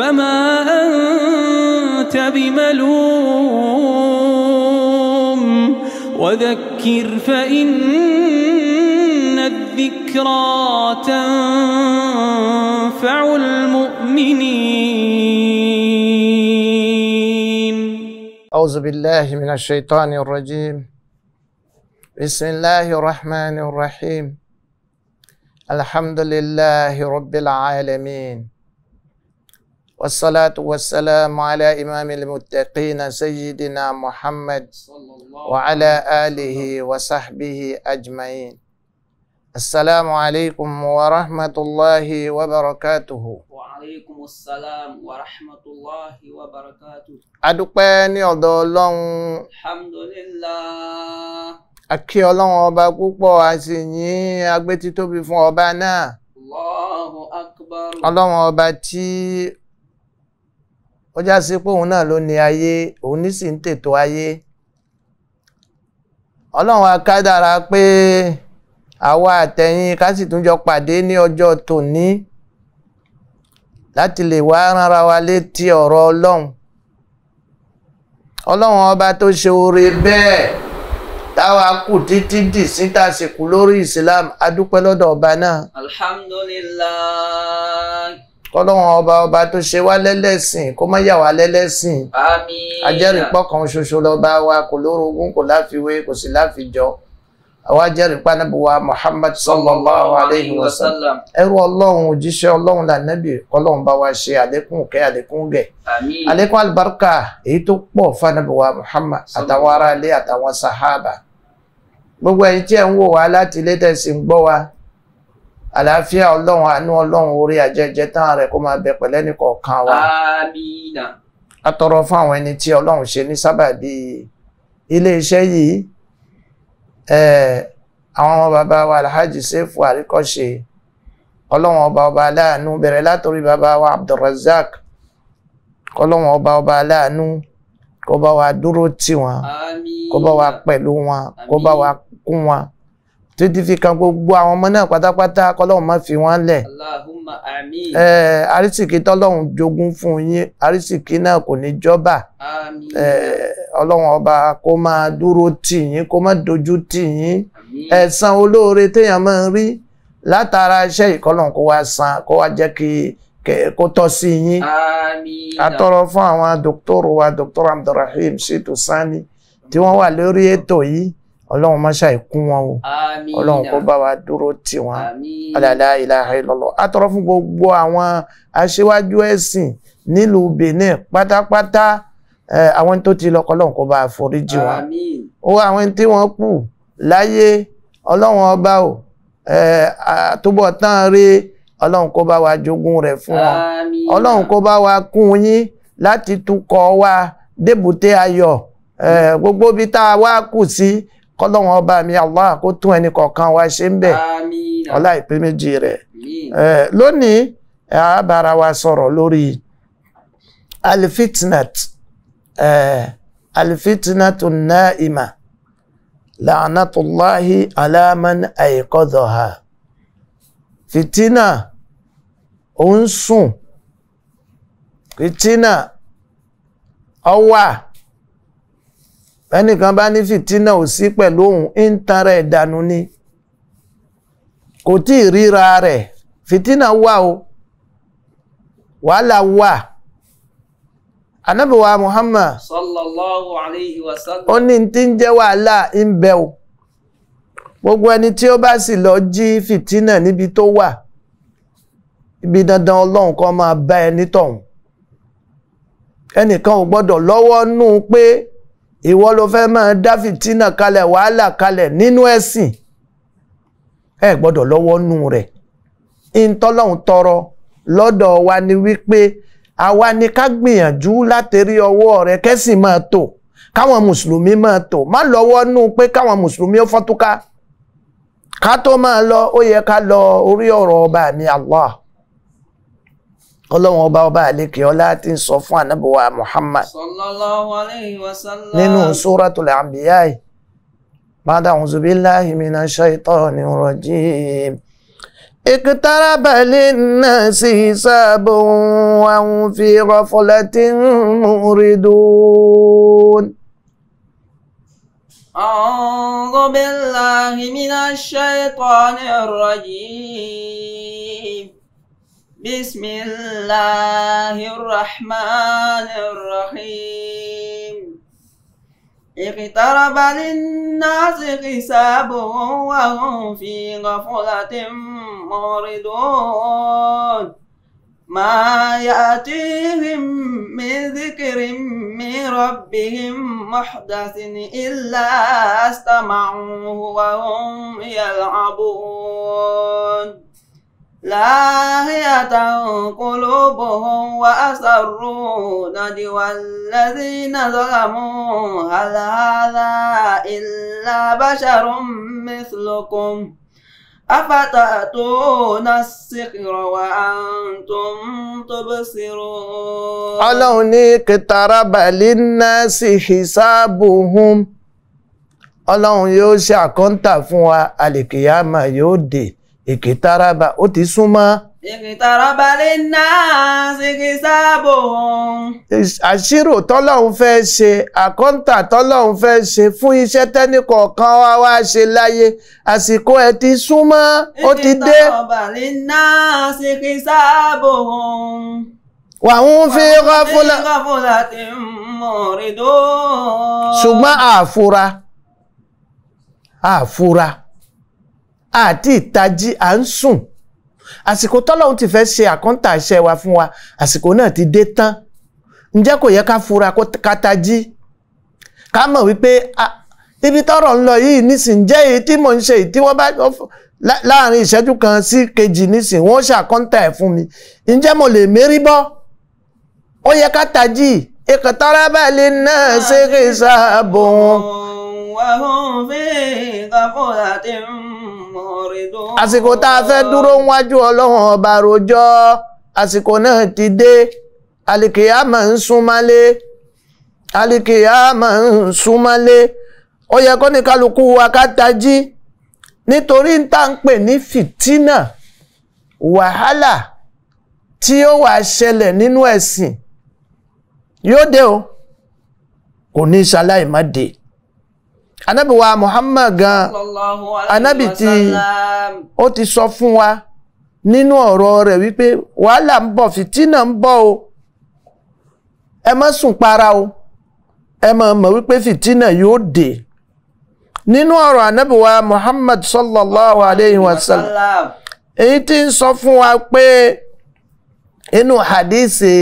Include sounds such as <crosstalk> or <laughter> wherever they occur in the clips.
فما أنت بملوم وذكر فإن الذكرى تنفع المؤمنين أعوذ بالله من الشيطان الرجيم بسم الله الرحمن الرحيم الحمد لله رب العالمين والصلاة والسلام على إمام المتقين سيدنا محمد وعلى آله وصحبه أجمعين السلام عليكم ورحمة الله وبركاته وعليكم السلام ورحمة الله وبركاته adúpẹ́ ní الحمد لله. alhamdulillah akí Ọlọ́run ọba púpọ̀ a sì الله أكبر. الله ọba kọjá sí pé òun náà ló ní ayé òun ní sì ń tètò ayé ọlọ́run akádára pé àwa àtẹ̀yìn ká sì tún jọ pàdé ní ọjọ́ tòní láti lè wá ránra wa létí ọ̀rọ̀ ọlọ́run ọlọ́run ọba tó ṣe oore bẹ́ẹ̀ táwa kù títí dì síta sìnkú lórí Islam adúpẹ́ lọ́dọ̀ ọba náà. alhamdulillah kọ́lọ́wọ́n ọba ọba tó ṣe wá lẹ́lẹ́sìn kó má yà wá lẹ́lẹ́sìn àmín ajẹ́rìípọ̀ kan ṣoṣo lọ́ba wa kò lórogún kò láfiwé kò sí láfijọ́ àwa jẹ́rìípá nábì wa Muhammad sallallahu alayhi wa sallam ẹrú ọlọ́run òjíṣẹ́ ọlọ́run lànàbì kọ́lọ́run bá wa ṣe àlékún kẹ́ àlékún gẹ̀ àmín àlékún alibarika èyí tó pọ̀ fanabi wa Muhammad àtàwọn aráalé àtàwọn sahaba gbogbo ẹ̀yin tí ẹ̀ ń wò wá láti ilé tẹ̀sí ń àlàáfíà ọlọ́run àánú ọlọ́run orí àjẹjẹ tán rẹ̀ kó máa bẹ pẹ̀lẹ́ nìkọ̀ọ̀kan wa. àmín. a tọrọ fún àwọn ẹni tí ọlọ́run ṣe ní sábàbí iléeṣẹ́ yìí àwọn ọmọ bàbá wa alhaji sefu àríkọ́ṣe ọlọ́run ọba ọba aláàánú bẹ̀rẹ̀ látòrí bàbá wa abdulrasaq ọlọ́run ọba ọba aláàánú kó bá wa dúró tì wọ́n kó bá wa pẹ̀lú wọn kó bá wa kún wọn títí fi kan gbogbo àwọn ọmọ náà pátápátá kọlọ́hún má fi wọ́n lẹ̀. Allahumma àmín. ẹ arísìkí tọ́lọ́hún jogún fún yín arísìkí náà kò ní jọ́bà. Àmín. ẹ ọlọ́run ọba kó máa dúró tì yín kó má dojú tì yín. Àmín. ẹ̀san olóore téèyàn máa ń rí látara iṣẹ́ ìkọlọ́hún kó wá san kó wá jẹ́ kí kó tọ́ sí yín. atọ́rọ fún àwọn dòkítọ́rù wa dòkítọ́rù Abdulrahim Shitu Sani tí wọ́n wà lórí ètò yìí ọlọ́run má ṣàì kún wọn o ọlọ́run kó bá wa dúró tì wọ́n alàlá ìlàhà ìlọ́lọ́ atọ́rọ́ fún gbogbo àwọn aṣíwájú ẹ̀sìn nílùú Benin pátápátá àwọn tó ti lọ ọlọ́run kó bá foríjì wọn ó àwọn tí wọ́n kù láyé ọlọ́run ọba o àtúbọ̀ tán rí ọlọ́run kó bá wa jogún rẹ̀ fún wọn ọlọ́run kó bá wa kún yín láti tukọ̀ wa débùté ayọ̀ gbogbo bí tá a wá kù sí kọ́lọ́wọ́n ọba mi Allah kó tún ẹni kọ̀ọ̀kan wa ṣe ń bẹ̀ ọlá ìpín méjì rẹ̀ lónìí àbára wa sọ̀rọ̀ lórí alifitnat alifitnatu naima la'anatullahi ala man fitina ó sùn fitina ó ẹnìkan bá ní fìtínà ò sí pẹ̀lú òun ń tan dànù ni kò tí ì ríra rẹ̀ fìtínà wà o wàhálà wà anábìwá Muhammad sallallahu alayhi wa sallam ó ní tí ń jẹ́ wàhálà ń bẹ o gbogbo ẹni tí ó bá sì lọ jí fìtínà níbi tó wà ibi dandan ọlọ́run kan máa bá ẹni tọ̀hún ẹnìkan ò gbọ́dọ̀ lọ́wọ́ nú pé ìwọ ló fẹ́ máa dá fìtínà kalẹ̀ wàhálà kalẹ̀ nínú ẹ̀sìn ẹ gbọ́dọ̀ lọ́wọ́ nù rẹ̀ ìtọ́lọ́hún tọrọ lọ́dọ̀ wa ni wípé àwa ni ká gbìyànjú látẹ̀rí ọwọ́ rẹ̀ kẹ́sìn máa tò káwọn mùsùlùmí máa tò má lọ́wọ́ nù pé káwọn mùsùlùmí ó fọ́túká ká tó máa lọ ó yẹ ká lọ orí ọ̀rọ̀ ọba mi Allah ọlọ́run ọba ọba àlékè ọlá tí ń sọ fún ànábọ̀wá muhammad sallallahu alayhi wa sallam nínú suratul anbiya bada a'udhu billahi minash shaitani rajim iqtaraba linnasi hisabuhum wa hum fi ghaflatin muridun. a'udhu billahi minash shaitani rajim. بسم الله الرحمن الرحيم اقترب للناس حسابهم وهم في غفلة معرضون ما يأتيهم من ذكر من ربهم محدث إلا استمعوه وهم يلعبون لاهية قلوبهم واسروا نجوى الذين ظلموا هل هذا إلا بشر مثلكم أفتأتون السحر وأنتم تبصرون ألو نيك اقترب للناس حسابهم ọlọ́run yóò ṣe àkọ́ńtà fún wa ìkìtàràbà ó ti súnmọ́. ìkìtàràbà lè ná ṣèkì sáàbò. àṣírò tọ́lọ́hún fẹ́ ṣe àkọ́ńtà tọ́lọ́hún fẹ́ ṣe fún iṣẹ́ tẹ́nìkọ̀ọ̀kan wá wá ṣe láyé àsìkò ẹ̀ ti súnmọ́ ó ti dé. ìkìtàràbà lè ná ṣèkì sáàbò. wàhún fi ghafula. wàhún fi ghafula ti ṣùgbọ́n àfura àfura àti ìtají à ń sùn àsìkò tọ́lọ́hún ti fẹ́ ṣe àkọ́ńtà iṣẹ́ wa fún wa àsìkò náà ti dé tán ǹjẹ́ kò yẹ ká fura ká tají ká mọ̀ wípé ibi tọ́rọ̀ ń lọ yìí nísìnyẹ́ èyí tí mò ń ṣe èyí tí wọ́n bá láàrin ìṣẹ́jú kan sí kejì nísìn wọ́n ṣàkọ́ńtà ẹ̀ fún mi ǹjẹ́ mo lè mérí bọ́ ó yẹ ká tají اقترب للناس حسابهم وهم في غفلة معرضون àsìkò tá a fẹ́ dúró níwájú Ọlọ́run ọba rojọ́ àsìkò náà ti dé alìkìyàmà ń súnmọ́lé alìkìyàmà ń súnmọ́lé ó yẹ kó ní kálukú wa ká tají nítorí ń tá ń pè ní fìtínà wàhálà tí ó wà ṣẹlẹ̀ nínú ẹ̀sìn yóò dé o kò ní ṣaláì má dé anábì wa muhammad gan anábì ti, ó ti sọ fún wa nínú ọ̀rọ̀ rẹ̀ wípé wàhálà ń bọ̀ fìtínà ń bọ̀ o ẹ má sùn para o ẹ má mọ̀ wípé fìtínà yóò dé nínú ọ̀rọ̀ anábì wa muhammad sallallahu alayhi wa sallam èyí ti ń sọ fún wa pé inú hadisi.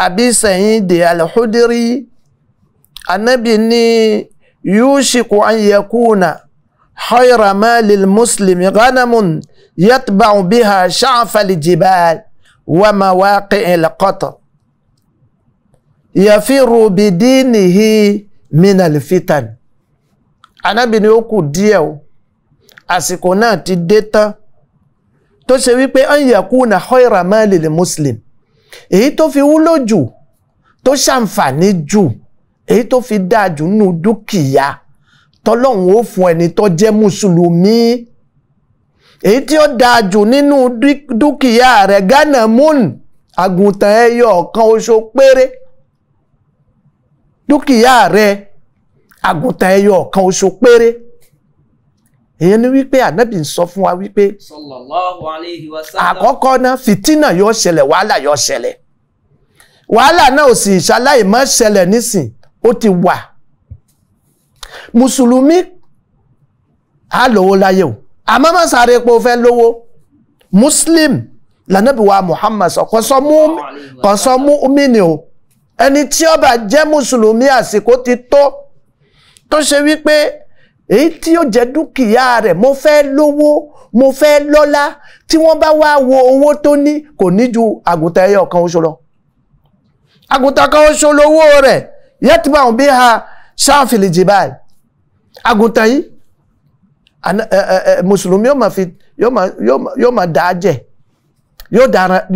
Abi Sa'id al-Khudri anabi ní yushiku an yakuna khayra malil muslimi ghanamun yatba'u biha sha'fa al-jibal wa mawaqi'i al-qatr yafiru bidinihi min al-fitan anabi ní ó kù díẹ̀ o àsìkò náà ti dé tán tó ṣe wípé an yakuna khayra malil èyí tó fi wúlò jù tó ṣàǹfààní jù èyí tó fi dáa jù nù dúkìá tọlọ́hun ó fún ẹni tó jẹ́ mùsùlùmí èyí tí ó dáa jù nínú dúkìá rẹ̀ ghana moon àgùntàn ẹyọ ọ̀kan oṣù péré dúkìá rẹ̀ àgùntàn ẹyọ ọ̀kan oṣù péré ìyẹn ni wípé ànábì ń sọ fún wa wípé sallallahu alayhi wa sallam àkọ́kọ́ náà fìtínà yóò ṣẹlẹ̀ wàhálà yóò ṣẹlẹ̀ wàhálà náà ò sì ṣaláì má ṣẹlẹ̀ nísìn ó ti wà mùsùlùmí á lówó láyé o àmọ́ má sáré pé fẹ́ lówó muslim lànàbí wa muhammad sọ kàn sọ mùmínì o ẹni tí ó bá jẹ́ mùsùlùmí àsìkò ti tó tó ṣe wípé èyí tí ó jẹ́ dúkìá rẹ̀ mo fẹ́ lówó mo fẹ́ lọ́lá tí wọ́n bá wá wo owó tó ní kò ní ju àgùntàn ẹyọ kan oṣù lọ àgùntàn kan oṣù lówó rẹ̀ yẹtìmọ àwọn bí ha ṣáàfìlì jìbáì àgùntàn yìí mùsùlùmí yóò máa fi yóò máa dà á jẹ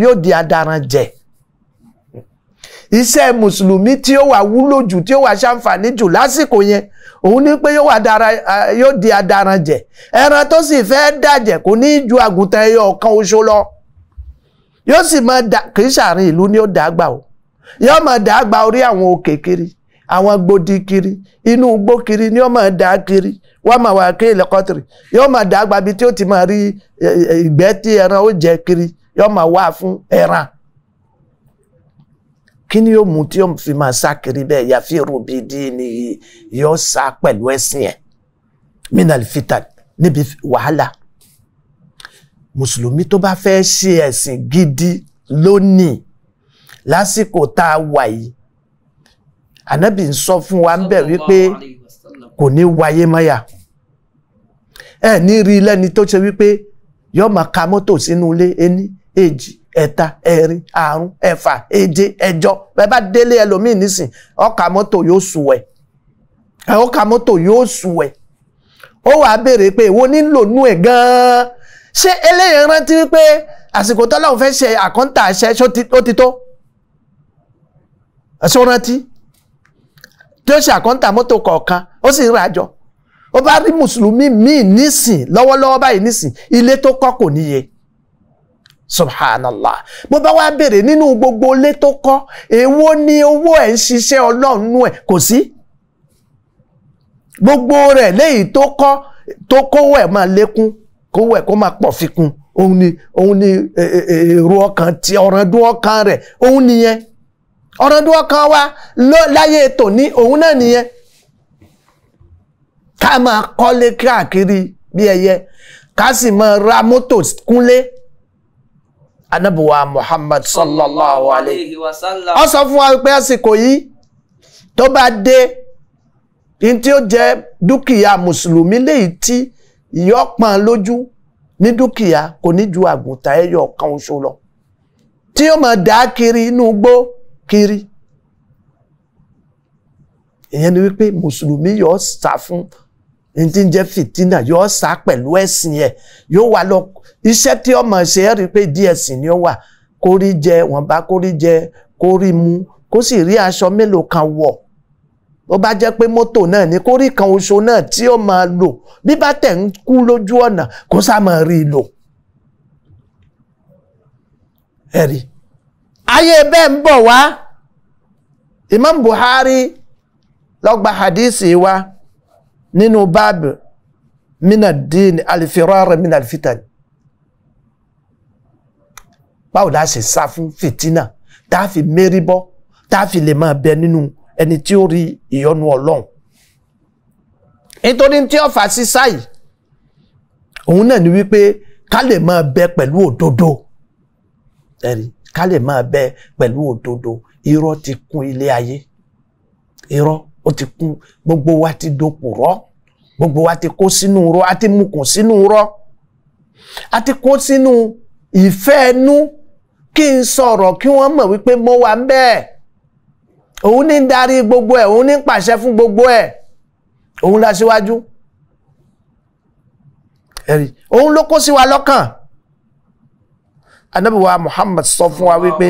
yóò di adaran jẹ iṣẹ́ mùsùlùmí tí ó wà wúlò jù tí ó wà ṣàǹfààní jù lásìkò yẹn òun ni pé yóò di adaran jẹ ẹran tó sì fẹ́ dàjẹ̀ kò ní ju àgùntàn ẹyọ ọ̀kan oṣù lọ yóò sì máa dà kì í ṣàárín ìlú ni ó dàgbà o yóò máa dàgbà orí àwọn òkè kiri àwọn gbòdì kiri inú igbó kiri ni yóò máa dà kiri wọ́n máa wà kí ìlẹ́kọ̀tìrì yóò máa dàgbà bí tí ó ti máa rí ìgbẹ́ tí ẹran ó jẹ kiri yóò máa wà fún ẹran kí ni yóò mú tí yóò fi máa sá kiri bẹ́ẹ̀ yàfi rubi díìní yóò sá pẹ̀lú ẹ̀sìn ẹ̀ minal fitan níbi wàhálà mùsùlùmí tó bá fẹ́ ṣe ẹ̀sìn gidi lónìí lásìkò tá a wà yìí ànábì ń sọ fún wa ń bẹ̀ wípé kò ní wáyé mọ́yà ẹ ní rí lẹ́ni tó ṣe wípé yóò máa ka mọ́tò sínú ilé ení èjì ẹ̀ta ẹ̀rin àrún ẹ̀fà èje ẹ̀jọ bẹ́ẹ̀ bá délé ẹlòmíì nísìn ọkà mọ́tò yóò sùn ẹ̀ ọkà mọ́tò yóò sùn ẹ̀ ó wàá béèrè pé èwo nílò nú ẹ̀ gan-an ṣé eléyìí rántí wípé àsìkò tọ́lọ́run fẹ́ ṣe àkọ́ńtà àṣẹ ó ti tó ṣó rántí tí ó ṣe àkọ́ńtà mọ́tò kọ̀ọ̀kan ó sì ń rajọ ó bá rí mùsùlùmí míì nísìn lọ́wọ́lọ́wọ́ báyìí nísìn ilé tó kọ́ kò níye subhanallah bó bá wá béèrè nínú gbogbo ilé tó kọ́ èwo ni owó ẹ̀ ń ṣiṣẹ́ ọlọ́run nú ẹ̀ kò sí gbogbo rẹ̀ léyìí tó kọ́ tó kówó ẹ̀ máa lékún kówó ẹ̀ kó máa pọ̀ fikún òun ni òun ni e, e, e, èrò ọkàn ti ọ̀rọ̀dún ọkàn rẹ̀ òun nìyẹn ọ̀rọ̀dún ọkàn wa láyé tòní òun náà nìyẹn ká máa kọ́lé káàkiri bí ẹyẹ ká sì máa ra mọ́tò kúnlé anabuwa muhammad sallallahu alayhi wa sallam. ọ sọ fún wa pé àsìkò yìí tó bá dé in tí ó jẹ dúkìá mùsùlùmí léyìí tí ìyọpọn lójú ní dúkìá kò ní ju àgùntàn ẹyọ kan oṣù lọ tí ó máa dá kiri inú gbó kiri ìyẹn ni wípé mùsùlùmí yọ sá fún n ti ń jẹ́ fìtínà yóò sá pẹ̀lú ẹ̀sìn ẹ̀ yóò wà lọ iṣẹ́ tí ọmọ ṣe é rí i pé díẹ̀ sìn ni ó wà kórí jẹ wọn bá kórí jẹ kórí mu kó sì rí aṣọ mélòó kan wọ̀ bó bá jẹ́ pé mọ́tò náà ni kórí kan oṣù náà tí ó máa lò bí bá tẹ̀ ń kú lójú ọ̀nà kó sá máa rí i lò. ẹ̀rí ayé bẹ́ẹ̀ ń bọ̀ wá Imam Buhari ló gba hadisi wa nínú báàbù mina dín alifirara mina alifitani báwo la ṣe sá fún fìtínà tá a fi mérí bọ́ tá a fi lè máa bẹ nínú ẹni tí ó rí ìyọ́nú Ọlọ́run nítorí tí ó fà sísá yìí òun náà ni wípé ká lè máa bẹ pẹ̀lú òdodo ẹ̀rí ká lè máa bẹ pẹ̀lú òdodo irọ́ ti kún ilé ayé irọ́ ó ti kú gbogbo wa ti dopòrọ́ gbogbo wa ti kó sínú rọ́ a ti mukùn sínú rọ́ a ti kó sínú ìfẹ́ ẹnu kí n sọ̀rọ̀ kí wọ́n mọ̀ wípé mo wà bẹ́ẹ̀ òun ní darí gbogbo ẹ̀ òun ní pàṣẹ fún gbogbo ẹ̀ òun la síwájú ẹ̀rí òun ló kó sí wa lọ́kàn anábìwá Muhammad sọ fún wa wípé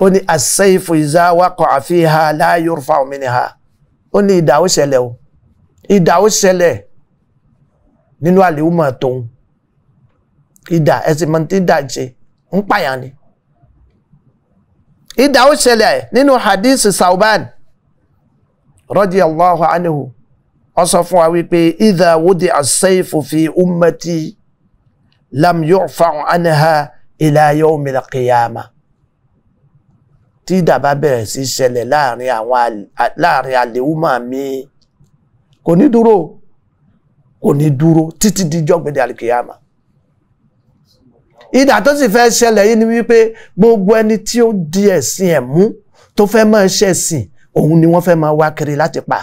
ó ní as-sayfu iza waqa'a fiha la yurfa'u minha ó ní ìdà ó ṣẹlẹ̀ o ìdà ó ṣẹlẹ̀ nínú àlèhùmọ̀ tóun ìdà ẹ̀sìn mọ̀ tí ìdà ṣe ń pààyàn ni ìdà ó ṣẹlẹ̀ nínú hadith sauban radiyallahu anhu ó sọ fún wa wípé idha wudi as fi ummati lam yurfa'u anha ila yawmil qiyamah tí dàbá bẹ̀rẹ̀ sí ṣẹlẹ̀ láàrin àwọn láàrin àlèhùmọ̀ mi kò ní dúró kò ní dúró títí di jọ́gbẹ̀dẹ̀ àlìkìyàmà ìdà tó sì fẹ́ ṣẹlẹ̀ yìí ni wípé gbogbo ẹni tí ó di ẹ̀sìn ẹ̀ mú tó fẹ́ máa ṣẹ̀sìn òun ni wọ́n fẹ́ máa wá kiri láti pa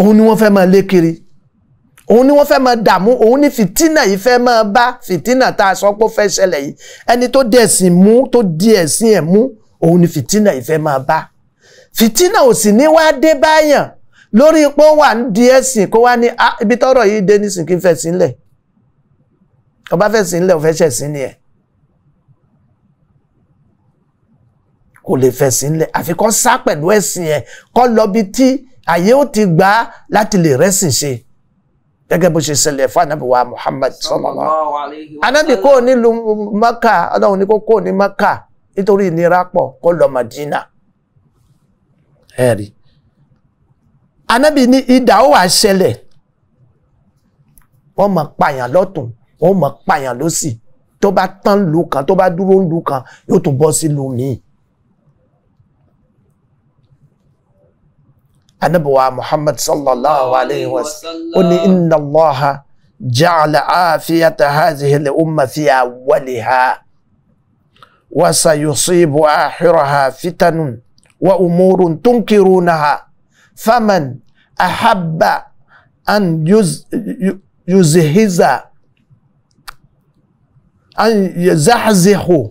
òun ni wọ́n fẹ́ máa lé kiri òun ni wọ́n fẹ́ máa dààmú òun ni fìtínà yìí fẹ́ máa bá fìtínà tá a sọ pé ó fẹ́ ṣẹlẹ̀ yìí ẹni tó di ẹ̀sìn mú tó di ẹ̀sìn ẹ̀ mú òun ni fìtínà ìfẹ́ máa bá fìtínà ò sì ní wá dé báyàn lórí pé ó wà ń di ẹ̀sìn kó wá ní ah, ibi tọ́rọ̀ yìí dé nísìn kí n fẹ̀sìn ńlẹ̀ ọba fẹ̀sìn ńlẹ̀ ò fẹ́ ṣẹ̀sìn ni ẹ̀ kò lè fẹ̀sìn ńlẹ̀ àfi kó sá pẹ̀lú ẹ̀sìn ẹ̀ kó lọ bí tí àyè ó ti gbà á láti lè rẹ́sìn ṣe gẹ́gẹ́ bó ṣe ṣẹlẹ̀ fún ànábì wa Muhammad sallallahu alaihi wasallam ànábì kò ní lu Mákà ọlọ́run ní kó kò ní Mákà nítorí ìnira pọ̀ kó lọ Madina ẹ̀rí anábì ní idà ó wà ṣẹlẹ̀ wọ́n máa pààyàn lọ́tún wọ́n máa pààyàn lọ́sì tó bá tán lu kan tó bá dúró lu kan yóò tún bọ́ sí lu míì. anabuwa muhammad sallallahu alaihi wasallam ó ní inna allaha ja'ala afiyata hazihi al umma fi awwaliha. وسيصيب آخرها فتن وأمور تنكرونها فمن أحب أن يزهز أن يزحزح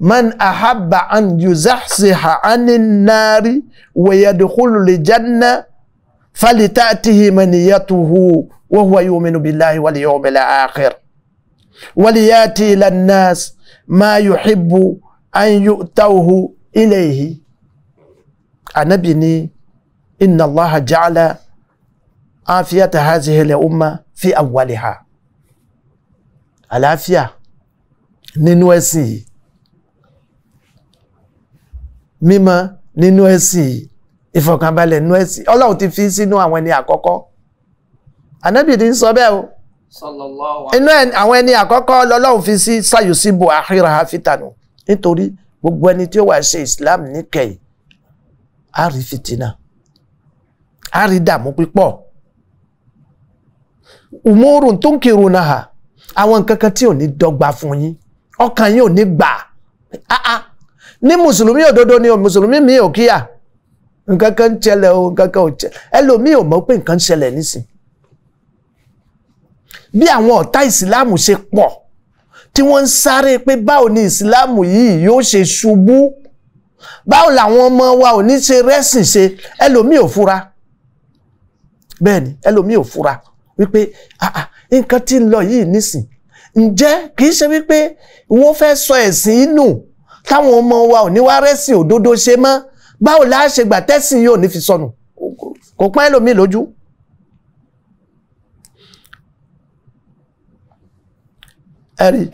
من أحب أن يزحزح عن النار ويدخل الجنة فلتأته منيته وهو يؤمن بالله واليوم الآخر وليأتي إلى الناس ma yuhibbu an yu'tahu ilayhi anabi ni inna allaha ja'ala afiyata hazihi la umma fi awwaliha àlàáfíà nínú ẹ̀sìn yìí mímọ́ nínú ẹ̀sìn yìí ìfọ̀kànbalẹ̀ nínú ẹ̀sìn Ọlọ́run ti fi sínú àwọn ẹni àkọ́kọ́ anabi ni sọ bẹ́ẹ̀ o inú àwọn ẹni àkọ́kọ́ lọ́lọ́run fi sí sayusibu ahira hafitanu nítorí gbogbo ẹni tí ó wà ṣe islam níkẹyì á rí fìtínà á rí dààmú pípọ̀ umurun tó ń kírun náà hà àwọn nǹkan kan tí ò ní dọ́gba fún yín ọkàn yín ò ní gbà áá ní mùsùlùmí òdodo ni mùsùlùmí mi ò kíyà nǹkan ń ṣẹlẹ̀ o nǹkan ò ṣẹlẹ̀ ẹlòmíì ò mọ̀ pé nǹkan ń ṣẹlẹ̀ nísìnyí bí àwọn ọ̀tá ìsìláàmù ṣe pọ̀ tí wọ́n ń sáré pé báwo ni ìsìláàmù yìí yóò ṣe ṣubú báwo làwọn ọmọ wa ò ní ṣe rẹ́sìn ṣe ẹlòmíì ò fura bẹ́ẹ̀ ni ẹlòmíì ò fura wípé nǹkan tí ń lọ yìí nísìn ǹjẹ́ kìí ṣe wípé wọ́n fẹ́ sọ ẹ̀sìn inú táwọn ọmọ wa ò ní wá rẹ́sìn òdodo ṣe mọ́ báwo la ṣe gbà tẹ́sìn yóò ní fi sọnù kò pọ́n ẹlòmíì lójú ẹ̀rí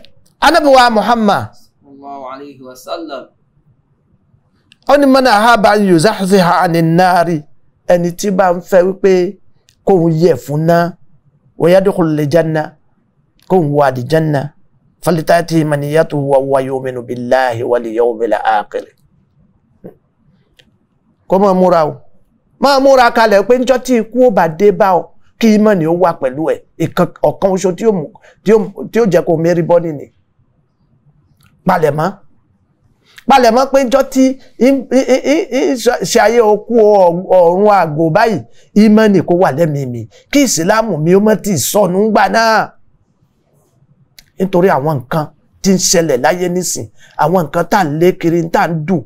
anábìwá Muhammad ó ní mọ́nà àhábà yòzáhùsíhà ní náàrí ẹni tí bá ń fẹ́ wípé kóun yẹ fún náà wọ́yádùkú lè jẹ́nà kóun wà dì jẹ́nà falitati maniyatu wa wa yominu billahi wal yawmil akhir kó máa múra o máa múra kalẹ̀ pé njọ́ tí ikú ò bá dé bá ọ kí ìmánì ó wà pẹ̀lú ẹ̀ ọ̀kan oṣù tí ó jẹ́ kó mérí bọ́ nìyí palẹ̀mọ́ palẹ̀mọ́ pé njọ́ tí ṣe ayé okú ọ̀run àgò báyìí ìmánì kó wà lẹ́mìí mi kí ìsìlámù mi ó mọ́ ti sọnù ńgbà náà nítorí àwọn nǹkan tí ń ṣẹlẹ̀ láyé nísìn àwọn nǹkan tá à ń lé kiri tá à ń dùn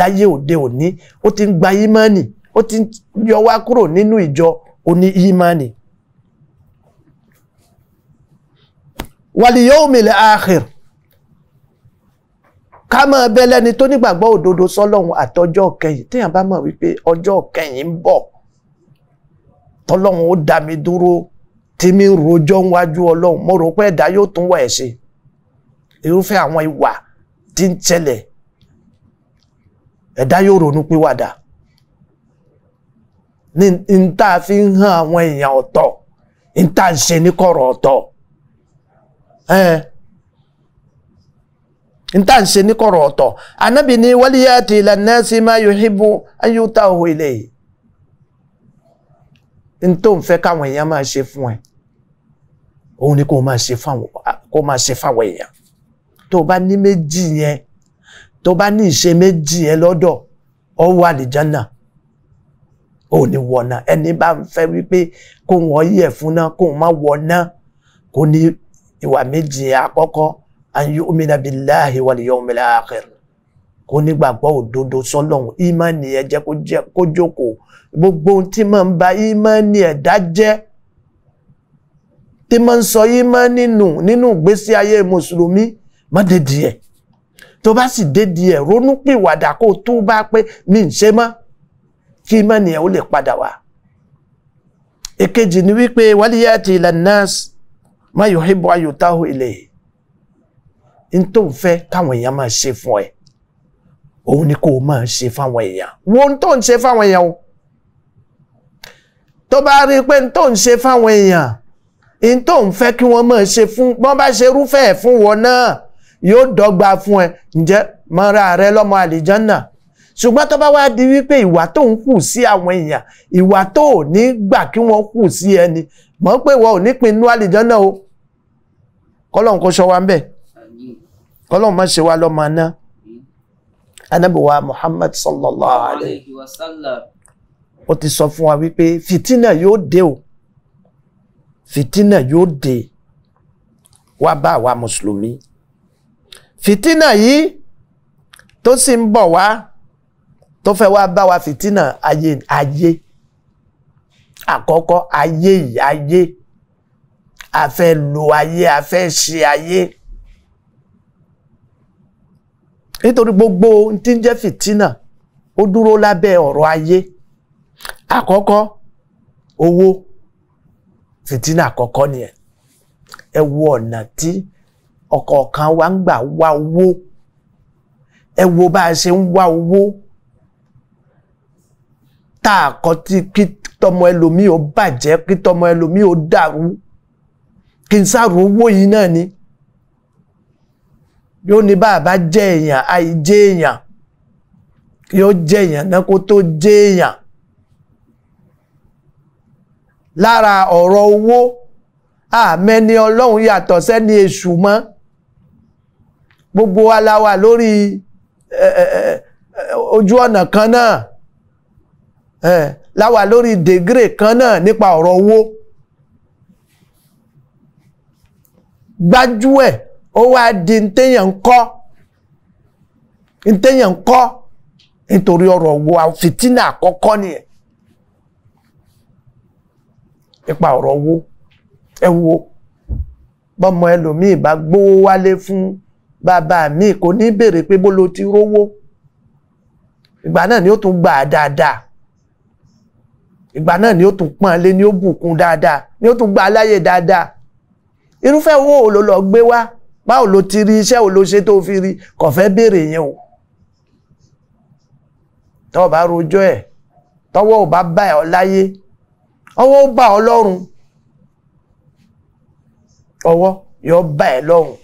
láyé òde òní ó ti ń gba ìmánì ó ti ń yọ wá kúrò nínú ìjọ oní ìmánì wal-yawmil akhir ká máa bẹ lẹ́ni tó nígbàgbọ́ òdodo sọ́lọ́run àtọjọ́ kẹyìn téèyàn bá mọ̀ wípé ọjọ́ kẹyìn ń bọ̀ tọ́lọ́run ó dá mi dúró tí mi ń rojọ́ níwájú ọlọ́run mo rò pé ẹ̀dá yóò tún wà ẹ̀ ṣe irúfẹ́ àwọn ìwà tí ń ṣẹlẹ̀ ẹ̀dá yóò ronú pìwàdà ní ní tá a fi ń hàn àwọn èèyàn ọ̀tọ̀ ní tá a ń ṣe ní kọ̀rọ̀ ọ̀tọ̀ n tá n ṣe ní kọ̀rọ̀ ọ̀tọ̀ anabi ni waliyati lannasi ma yuhibbu an yutahu ilayhi n tó ń fẹ́ káwọn èèyàn máa ṣe fún ẹ òun ni kó máa ṣe fáwọn èèyàn tó bá ní méjì yẹn tó bá ní ìṣe méjì yẹn lọ́dọ̀ ọ wà àlìjánà ò ní wọ̀nà ẹni bá ń wípé kó wọ́n yẹ̀ fún náà kó má wọ̀nà kó ní ìwà méjì àkọ́kọ́ an yu'mina billahi wal yawmil akhir kó nígbàgbọ́ òdodo sọ́lọ́hun ìmánì ẹ̀ jẹ́ kó jókòó gbogbo ohun tí máa ń ba ìmánì ẹ̀dá jẹ́ tí máa ń sọ ìmánì nù nínú ìgbésí ayé mùsùlùmí má dédi ẹ̀ tó bá sì dédi ẹ̀ ronú kó tú bá pé mi ń ṣe mọ́ kí ìmánì ẹ̀ ó lè padà wá. èkejì ni wípé waliyati lan nas má yóò híbọ ayò táwọn ilẹ̀ n tó ń fẹ́ káwọn èèyàn máa ṣe fún ẹ òun ni kó o máa ṣe fáwọn èèyàn wo n tó ń ṣe fáwọn èèyàn o tó bá rí i pé n tó ń ṣe fáwọn èèyàn n tó ń fẹ́ kí wọ́n máa ṣe fún bọ́n bá ṣe irúfẹ́ ẹ̀ fún wọn náà yóò dọ́gba fún ẹ ǹjẹ́ mọ́ra rẹ lọ́mọ àlìjánà ṣùgbọ́n tó bá wá di wípé ìwà tó ń kù sí àwọn èèyàn ìwà tó ò ní gbà kí wọ́n kù sí ẹni mọ̀ pé wọ́n ò nípìn inú àlìjọ́nà o kọ́lọ́n kó ṣọ́ wa ń bẹ̀ kọ́lọ́n má ṣe wa lọ́mọ aná anábìwá Muhammad sallallahu alayhi wa sallam ó ti sọ fún wa wípé fìtínà yóò dé o fìtínà yóò dé wá bá àwa mùsùlùmí fìtínà yìí tó sì ń bọ̀ wá tó fẹ́ wá bá wa fìtínà ayé ayé. àkọ́kọ́ ayé yìí ayé a fẹ́ lo ayé a fẹ́ ṣe ayé nítorí gbogbo tí ń jẹ́ fìtínà ó dúró lábẹ́ ọ̀rọ̀ ayé àkọ́kọ́ owó fìtínà àkọ́kọ́ nìyẹn ẹ wo ọ̀nà tí ọ̀kọ̀ọ̀kan wa ń gbà wá owó ẹ wo bá a ṣe ń wá owó tá a kọ́ tí tọmọ ẹlòmíì ó bàjẹ́ kí tọmọ ẹlòmíì ó dàrú kí n sáró owó yìí náà ni yóò ní bàbá jẹ́ èèyàn àìjẹ́ èèyàn yóò jẹ́ èèyàn náà kó tó jẹ́ èèyàn lára ọ̀rọ̀ owó àmẹ́ni ọlọ́run yàtọ̀ sẹ́ni èṣù mọ́ gbogbo wa lórí ojú ọ̀nà kan náà láwà lórí dègrè kan náà nípa ọ̀rọ̀ owó gbájúẹ̀ ó wá di ntẹ́yàn ń ntẹ́yàn ń nítorí ọ̀rọ̀ owó fìtínà àkọ́kọ́ nìyẹn nípa ọ̀rọ̀ owó ẹ wo bọ́mọ ẹlòmíì bá gbówó wálé fún bàbá mi kò ní béèrè pé bó lo ti rówó ìgbà náà ni ó tún gbà dáadáa. ìgbà náà ni ó tún pọ́n lé ni ó bùkún dáadáa ni ó tún gba aláyè dáadáa irúfẹ́ owó ló lọ gbé wá báwo ló ti rí iṣẹ́ wo ló ṣe tó fi rí kò fẹ́ béèrè yẹn o tọ́ bá rojọ́ ẹ̀ tọ́wọ́ ò bá bá ọ láyé ọwọ́ ó bá ọ lọ́rùn ọwọ́ yóò bá ẹ lọ́rùn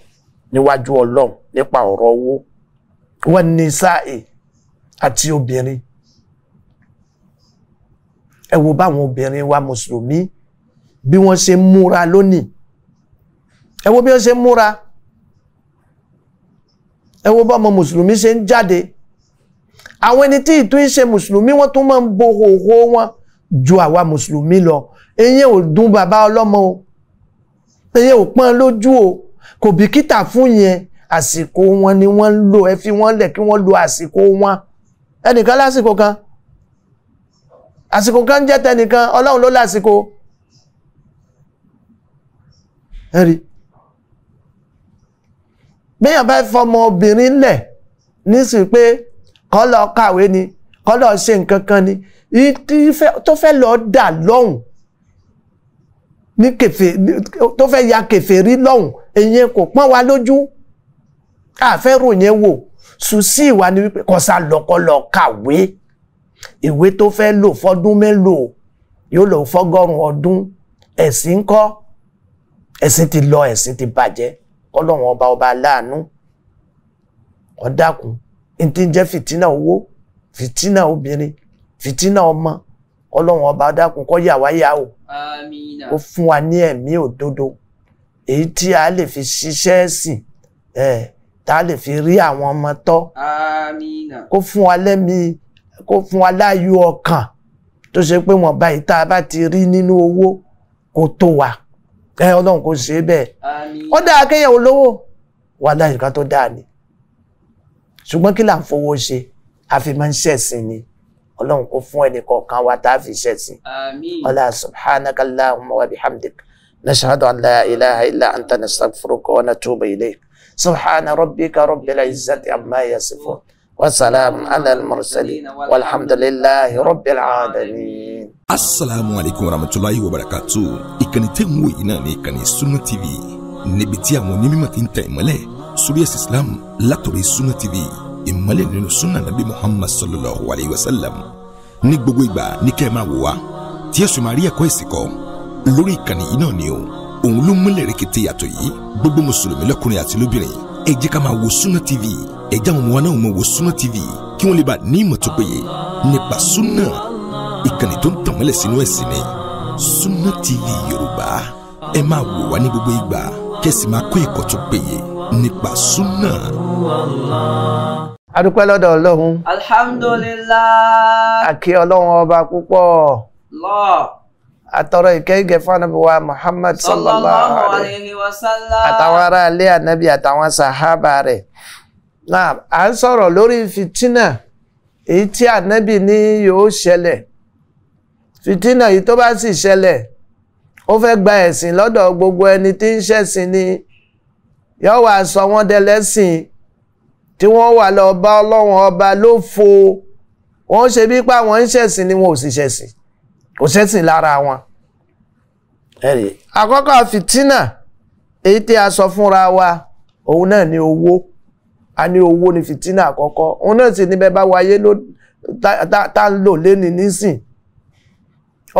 níwájú ọlọ́run nípa ọ̀rọ̀ owó wọ́n ní sáà àti obìnrin ẹ wo báwọn obìnrin wa mùsùlùmí bí wọ́n ṣe múra lónìí ẹ wo bí wọ́n ṣe múra ẹ wo bọ́mọ mùsùlùmí ṣe ń jáde àwọn ẹni tí ìtún ṣe mùsùlùmí wọ́n tún máa ń bo hòhò wọn ju àwa mùsùlùmí lọ eyín ò dùn bàbá ọlọ́mọ o eyín ò pọ́n lójú o kò bìkítà fún yẹn àsìkò wọn ni wọ́n ń lò ẹ fi wọ́n lẹ̀ kí wọ́n lo àsìkò wọn ẹnìkan lásìkò kan àsìkò kan jẹ́ tẹnìkan ọlọ́run ló lásìkò ẹ̀rí bíyàn bá fọmọ obìnrin lẹ̀ nísìn pé kó lọ kàwé ni kó lọ ṣe nǹkan kan ni tó fẹ́ lọ dà lọ́hùn tó fẹ́ ya kẹfẹ́ rí lọ́hùn ìyẹn kò pọ́n wa lójú àfẹ́rò yẹn wò sùn sí ìwà ni wípé kó sá kàwé ìwé tó fẹ́ lò fọ́dún mélòó yóò lò fọ́gọ́rùn ọdún ẹ̀sìn ńkọ́ ẹ̀sìn ti lọ ẹ̀sìn ti bàjẹ́ ọlọ́run ọba ọba aláàánú ó dákun n ti jẹ́ fìtínà owó fìtínà obìnrin fìtínà ọmọ ọlọ́run ọba ó dákun kó yà o ó fún wa ní ẹ̀mí òdodo èyí tí a lè fi ṣiṣẹ́ ẹ̀sìn tá a lè fi rí àwọn ọmọ tọ́ kó fún wa lẹ́mìí kó fún wa láyọ̀ ọkàn tó ṣe pé wọ́n báyìí tá a bá ti rí nínú owó kó tó wa ẹ ọlọ́run kò ṣe é bẹ́ẹ̀ ó dáa kéèyàn olówó wà láyìí ká tó dáa ni ṣùgbọ́n kí là ń fowó ṣe àfi máa ń ṣẹ̀sìn ni ọlọ́run kò fún ẹnì kọ̀ọ̀kan wa tá a fi ṣẹ̀sìn ọlá subhanaka allahumma wa bihamdik nashhadu an ilaha illa anta nastaghfiruka wa natubu ilayk subhana rabbika rabbil izzati amma yasifun. وسلام على المرسلين والحمد لله رب العالمين asalaamu alaykum warahmatulahi wabarakatu ìkànnì tẹ́ ń wò yìí náà ní ìkànnì Sunna TV níbi tí àwọn onímọ̀ ti ń ta ìmọ́lẹ̀ sórí ẹ̀sìn Islam látọ̀rọ̀ Sunna TV ìmọ́lẹ̀ nínú sunna nabi Muhammad sallallahu alayhi wa sallam ní gbogbo ìgbà ní kẹ́ ẹ máa wò wá tí ẹ sì máa rí ẹ̀kọ́ ẹ̀sìn kọ́ lórí ìkànnì yìí náà ni o òun ló múlẹ̀ rẹ̀ kété yàtọ̀ yìí gbogbo mùsùlùmí lọ́kùnrin àti lóbìnrin ẹ jẹ́ ká máa wo Sunna TV ẹ jẹ́ àwọn ọmọ wa náà máa wo Sunna TV kí wọ́n lè bá ní ìmọ̀ tó péye nípa Sunna ìkànnì tó ń tàn sínú ẹ̀sìn ni Sunna TV Yorùbá ẹ máa wò wá ní gbogbo ìgbà kẹ́sì máa kọ́ ẹ̀kọ́ tó péye nípa Sunna. a lọ́dọ̀ Ọlọ́run. alhamdulillah. a kí Ọlọ́run ọba púpọ̀. lọ́ọ̀ àtọrọ ìkẹ́ ìgẹ̀ fún ànábì wa muhammad sallallahu alayhi wa sallam àtàwọn ará ilé ànábì àtàwọn sàhábà rẹ̀ náà à ń sọ̀rọ̀ lórí fìtínà èyí tí ànábì ní yóò ṣẹlẹ̀ fìtínà yìí tó bá sì ṣẹlẹ̀ ó fẹ́ gba ẹ̀sìn lọ́dọ̀ gbogbo ẹni tí ń ṣẹ̀sìn ni yóò wá sọ wọ́n dẹlẹ́sìn tí wọ́n wà lọ bá ọlọ́run ọba lófo wọ́n ṣe bí pa wọ́n ń ṣẹ̀sìn ni wọn ò sì ṣẹ̀sìn kò sẹ́sìn lára wọn. àkọ́kọ́ fìtínà èyí tí a sọ fúnra wa òun náà ni owó a ní owó ni fìtínà àkọ́kọ́ òun náà sì ní bẹ́ẹ̀ bá wáyé ló tá ń lò léni nísìn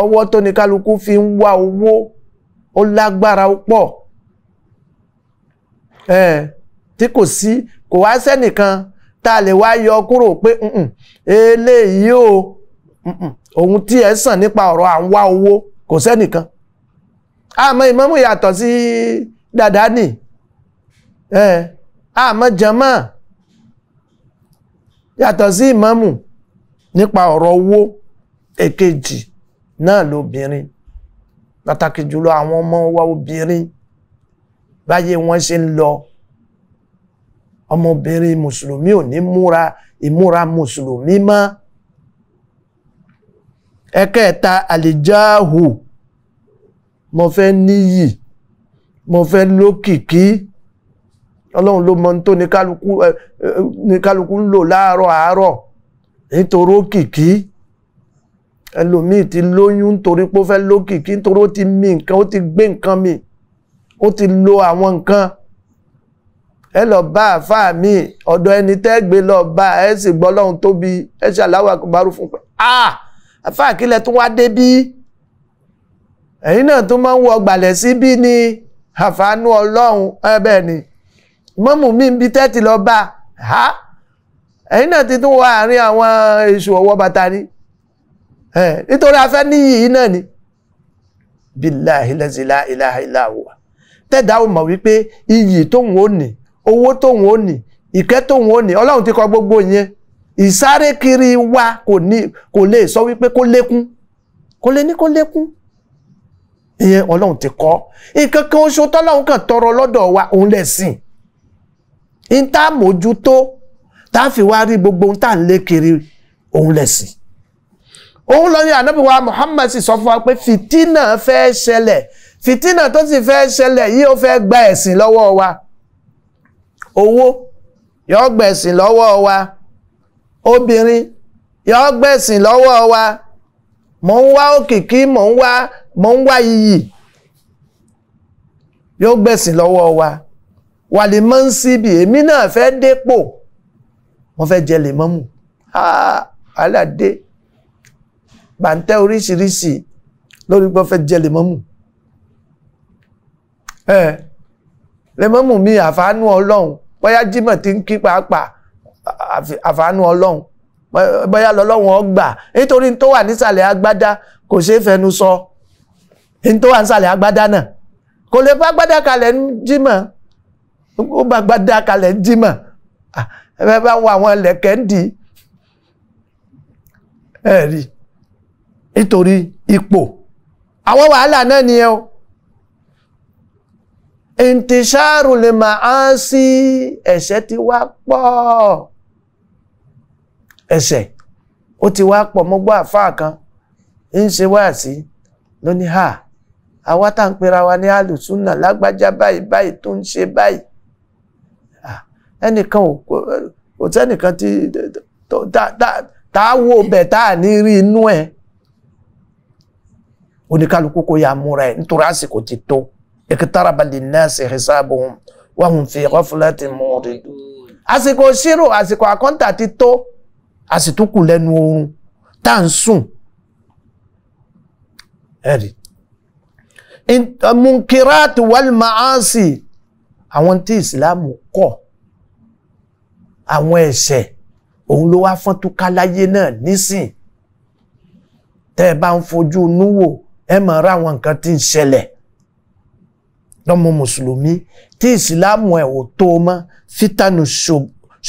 ọwọ́ tó ní kálukú fi ń wá owó ó lágbára ó pọ̀ tí kò sí kò wá sẹ́nìkan tá a lè wá yọ kúrò pé eléyìí o ohun tí ẹ sàn nípa ọ̀rọ̀ à ń wá owó kò sẹ́nìkan àmọ́ ìmámù yàtọ̀ sí Dàdánì àmọ́ jàmá yàtọ̀ sí ìmámù nípa ọ̀rọ̀ owó èkejì náà lóbìnrin pàtàkì jùlọ àwọn ọmọ wa obìnrin báyé wọn ṣe ń lọ ọmọbìnrin mùsùlùmí ò ní múra ìmúra mùsùlùmí mọ́ ẹ̀kẹta àlìjáhù mo fẹ́ níyì mo fẹ́ lókìkí ọlọ́run ló mọ tó ní kálukú ń lò láàárọ̀ àárọ̀ nítorí òkìkí ẹlòmíì ti lóyún torí pé ó fẹ́ lókìkí nítorí ó ti mi nǹkan ó ti gbé nǹkan mi ó ti lo àwọn nǹkan ẹ lọ bá àfáà mi ọ̀dọ̀ ẹni tẹ́ gbé lọ bá ẹ sì gbọ́ lọ́hun tóbi ẹ ṣàláwà kò bá rú fún pé ah afáàkílẹ̀ tó wá dé bí ẹ̀yin náà tó máa ń wọ gbàlẹ̀ sí bí ni àfàánú ọlọ́run ẹbẹ̀ ni mọ́mù mi ń bi tẹ́tì lọ bá a ẹ̀yin náà ti tún wọ àárín àwọn èṣù ọwọ́ bàtà ni nítorí afẹ́ níyì yìí náà ni billahi lazi la ilaha illa huwa tẹ́dá ò mọ̀ wípé iyì tóun ò ní owó tóun ò ní ìkẹ́ tóun ò ní ọlọ́run ti kọ gbogbo yẹn ìsáré kiri wa kò lè sọ wípé kó lékún kò lè ní kó lékún ìyẹn ọlọ́run ti kọ́ nǹkan kan oṣù tọ́lọ́run kan tọrọ lọ́dọ̀ wa òun lẹ̀sìn ń tá mójútó tá fi wá rí gbogbo ohun tá ń lé kiri òun lẹ̀sìn òun lọ ní ànábì wa Muhammad sì sọ fún wa pé fìtínà fẹ́ ṣẹlẹ̀ fìtínà tó sì fẹ́ ṣẹlẹ̀ yìí ó gba ẹ̀sìn lọ́wọ́ wa owó yóò gba lọ́wọ́ wa obìnrin yọ gbẹ̀sìn lọ́wọ́ wa mò ń wá òkìkí mò ń wá mò ń wá iyì yóò gbẹ̀sìn lọ́wọ́ wa wà lè mọ́ ń síbi èmi náà fẹ́ dépò mo fẹ́ jẹ lè mọ́mù wàhálà dé bàǹtẹ́ oríṣiríṣi lórí pé ó fẹ́ jẹ lè mọ́mù lè mọ́mù mi àfàánú ọlọ́run bóyá Jímọ̀ ti ń kí pàápàá àfàánú ọlọ́run bóyá lọ́lọ́run ó gbà nítorí tó wà nísàlẹ̀ agbádá kò ṣeé fẹnu sọ tó wà nísàlẹ̀ agbádá náà kò lè bá gbádá kalẹ̀ ń jímọ̀ ó bá gbádá kalẹ̀ ń jímọ̀ ẹ bá wọ àwọn ẹlẹ́kẹ̀ ń dì ẹ rí nítorí ipò àwọn wàhálà náà nìyẹn o intisharu lè máa ń sí ẹ̀ṣẹ̀ ti wá pọ̀. ese. ó ti wá pọ̀ mọ́gbọ́ àfáà kan ń ṣe wáàsí ló ní ha àwa tá à ń pera wa ní alùsùnà lágbájá báyìí báyìí tó ń ṣe báyìí ẹnìkan kò sẹ́nìkan tí tá a wo bẹ̀ tá a ní rí inú ẹ̀ oníkálukú kò yà múra ẹ̀ nítorí àsìkò ti tó ekitarabali linnasi hisabuhum wa hum fi àsìkò ṣírò àsìkò àkọ́ńtà ti tó. a sì tún kù lẹ́nu oorun tá à ń sùn ẹ̀rí uh, munkirat wal maasi àwọn tí ìsìláàmù kọ̀ àwọn ẹ̀ṣẹ̀ òun ló wá fọ́n tú káláyé náà nísìn tẹ́ ẹ bá ń fojú inú wò ẹ máa ra àwọn nǹkan tí ń ṣẹlẹ̀ lọ́mọ mùsùlùmí tí ìsìláàmù ẹ̀ ò tó mọ́ fitanu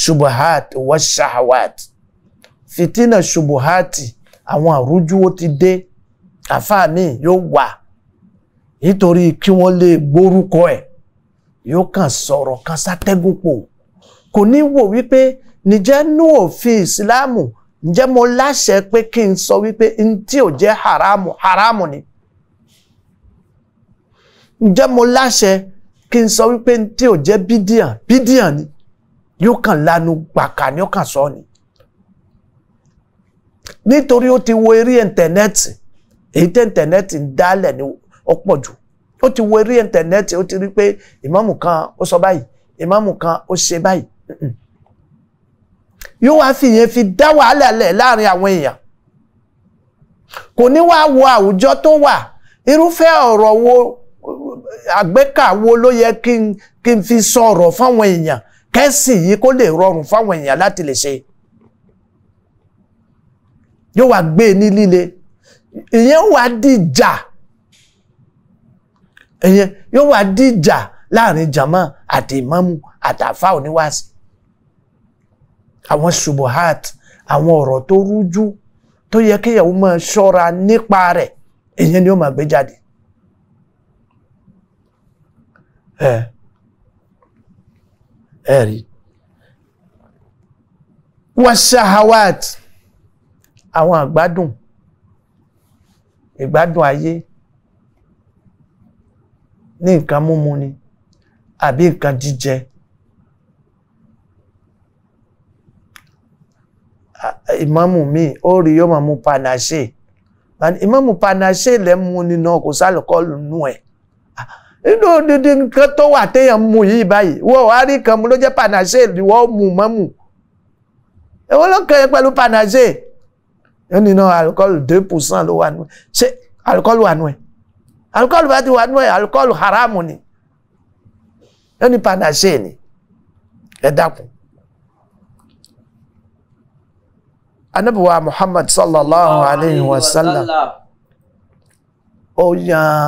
shubahat wa shahawat. fitina ṣubuhati àwọn àrújúwó ti dé àfààní yóò wà nítorí kí wọ́n lè gbórúkọ ẹ̀ yóò kàn kan sátẹ́gùn pò kò ní wò wípé nú òfin ìsìláàmù mo láṣẹ pé kí n sọ wípé n tí jẹ́ haramu ni mo láṣẹ kí n sọ wípé n tí ò ni ni nítorí ó ti wo eré íńtẹ̀nẹ́ẹ̀tì èyí tẹ́ íńtẹ̀nẹ́ẹ̀tì ń dálẹ̀ ni ó pọ̀ jù ó ti wo eré íńtẹ̀nẹ́ẹ̀tì ó ti rí pé ìmáàmù kan ó sọ báyìí ìmáàmù kan ó ṣe báyìí yóò wá fi ìyẹn fi dá wàhálà lẹ̀ láàrin àwọn èèyàn kò ní wá wo àwùjọ tó wà irúfẹ́ ọ̀rọ̀ wo àgbékàwo ló yẹ kí n fi sọ ọ̀rọ̀ fáwọn èèyàn kẹ́sìn yìí kó lè rọrùn fáwọn èèyàn láti lè ṣe yóò wá gbé e ní líle ìyẹn wà dìjà ìyẹn yóò wá dìjà láàrin jama àti ìmáàmù àtàfà oníwàásí àwọn subuhat àwọn ọ̀rọ̀ tó rújú tó yẹ kéèyàn máa ṣọ́ra nípa rẹ̀ ìyẹn ni ó máa gbé jáde. ẹ ẹ rí wàṣà hawat àwọn àgbádùn ìgbádùn ayé ní nǹkan múmu ni àbí nǹkan jíjẹ ìmáàmù mi ó rí yóò máa mu panache ìmáàmù panache lẹ́mu ni náà kò sálùkọ́lù nù ẹ̀ inú dídí nǹkan tó wà téèyàn mu yìí báyìí wọ́n wá rí kan mu ló jẹ́ panache ni wọ́n mú mọ́mù èwo ló kàn yẹn pẹ̀lú panache ẹni náà alukọ́ọ̀lù deux pour cent ló wà nù ṣé alukọ́ọ̀lù wà nù ẹ̀ alukọ́ọ̀lù bá ti wà nù ẹ̀ alukọ́ọ̀lù haramu ni ẹni panache ni ẹ dákun. anabiwa muhammad sallallahu alayhi wa sallam ó yan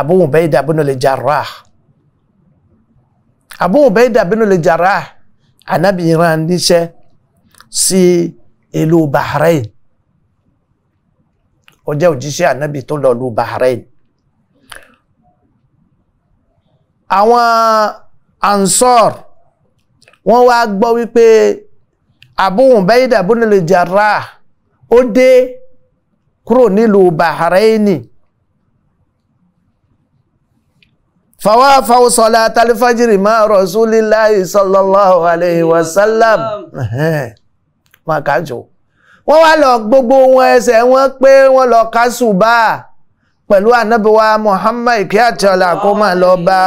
abu ubaida bin le jarrah abu ubaida bin le jarrah anabi ran níṣẹ́ sí. Si, ìlú Bahrain ó jẹ́ òjíṣẹ́ ànábì tó lọ lu Bahrain àwọn ansor wọ́n wá gbọ́ wípé Abu Ubaida ibn al-Jarrah ó dé kúrò nílùú Bahraini fàwáfàwò sọlá tàlífàjìrì máa Rasulillahi sallallahu alayhi wa sallam màkàjò wọ́n wá lọ gbogbo wọn ẹsẹ̀ wọn pé wọ́n lọ kásùbà pẹ̀lú ànábíwá Muhammad kí àti ọ̀la kó máa lọ bá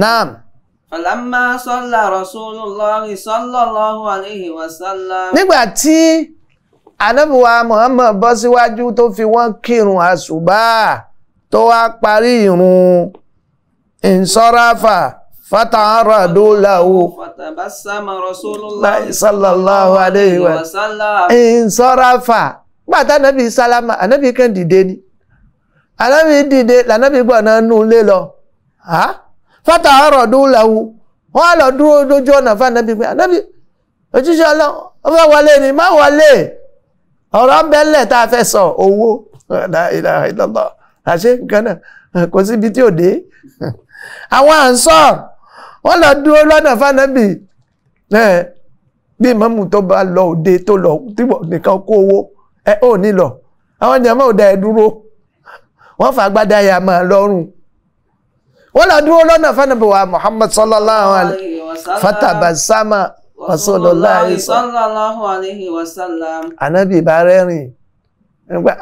naam. ọ̀làmà sọ́là Rasulullahi sallallahu alayhi wa sallam. nígbà tí ànábíwá Muhammad bọ́ síwájú tó fi wọ́n kírun àṣùbà tó wá parí ìrun ìǹsọ́ráfà fata'aradu lahu fatabasama rasulullah sallallahu alayhi wa sallam insarafa gbàtà nàbí sálámà ànábì kan dìde ni ànábì dìde lànàbì gbọ̀nà nù lé lọ fata'aradu lahu wọ́n lọ dúró lójú ọ̀nà fànàbì pé ànábì òjíṣẹ́ ọlọ́ ọ fẹ́ wọlé ni má wọlé ọ̀rọ̀ ń bẹ́lẹ̀ tá a fẹ́ sọ owó àṣẹ nǹkan náà kò síbi tí ò dé àwọn à ń wọ́n lọ dúró lọ́nà fànàbì bí ìmọ̀mù tó bá lọ òde tó lọ tíwọ̀ nìkan kó owó ẹ ò ní lọ àwọn jẹ̀mọ́ òde ẹ̀ dúró wọ́n fàgbádá ya máa lọ́rùn wọ́n lọ dúró lọ́nà fànàbì wa Muhammad sallallahu alayhi wa sallam fatabasama sallallahu alayhi wa sallam anabi bá rẹ́rìn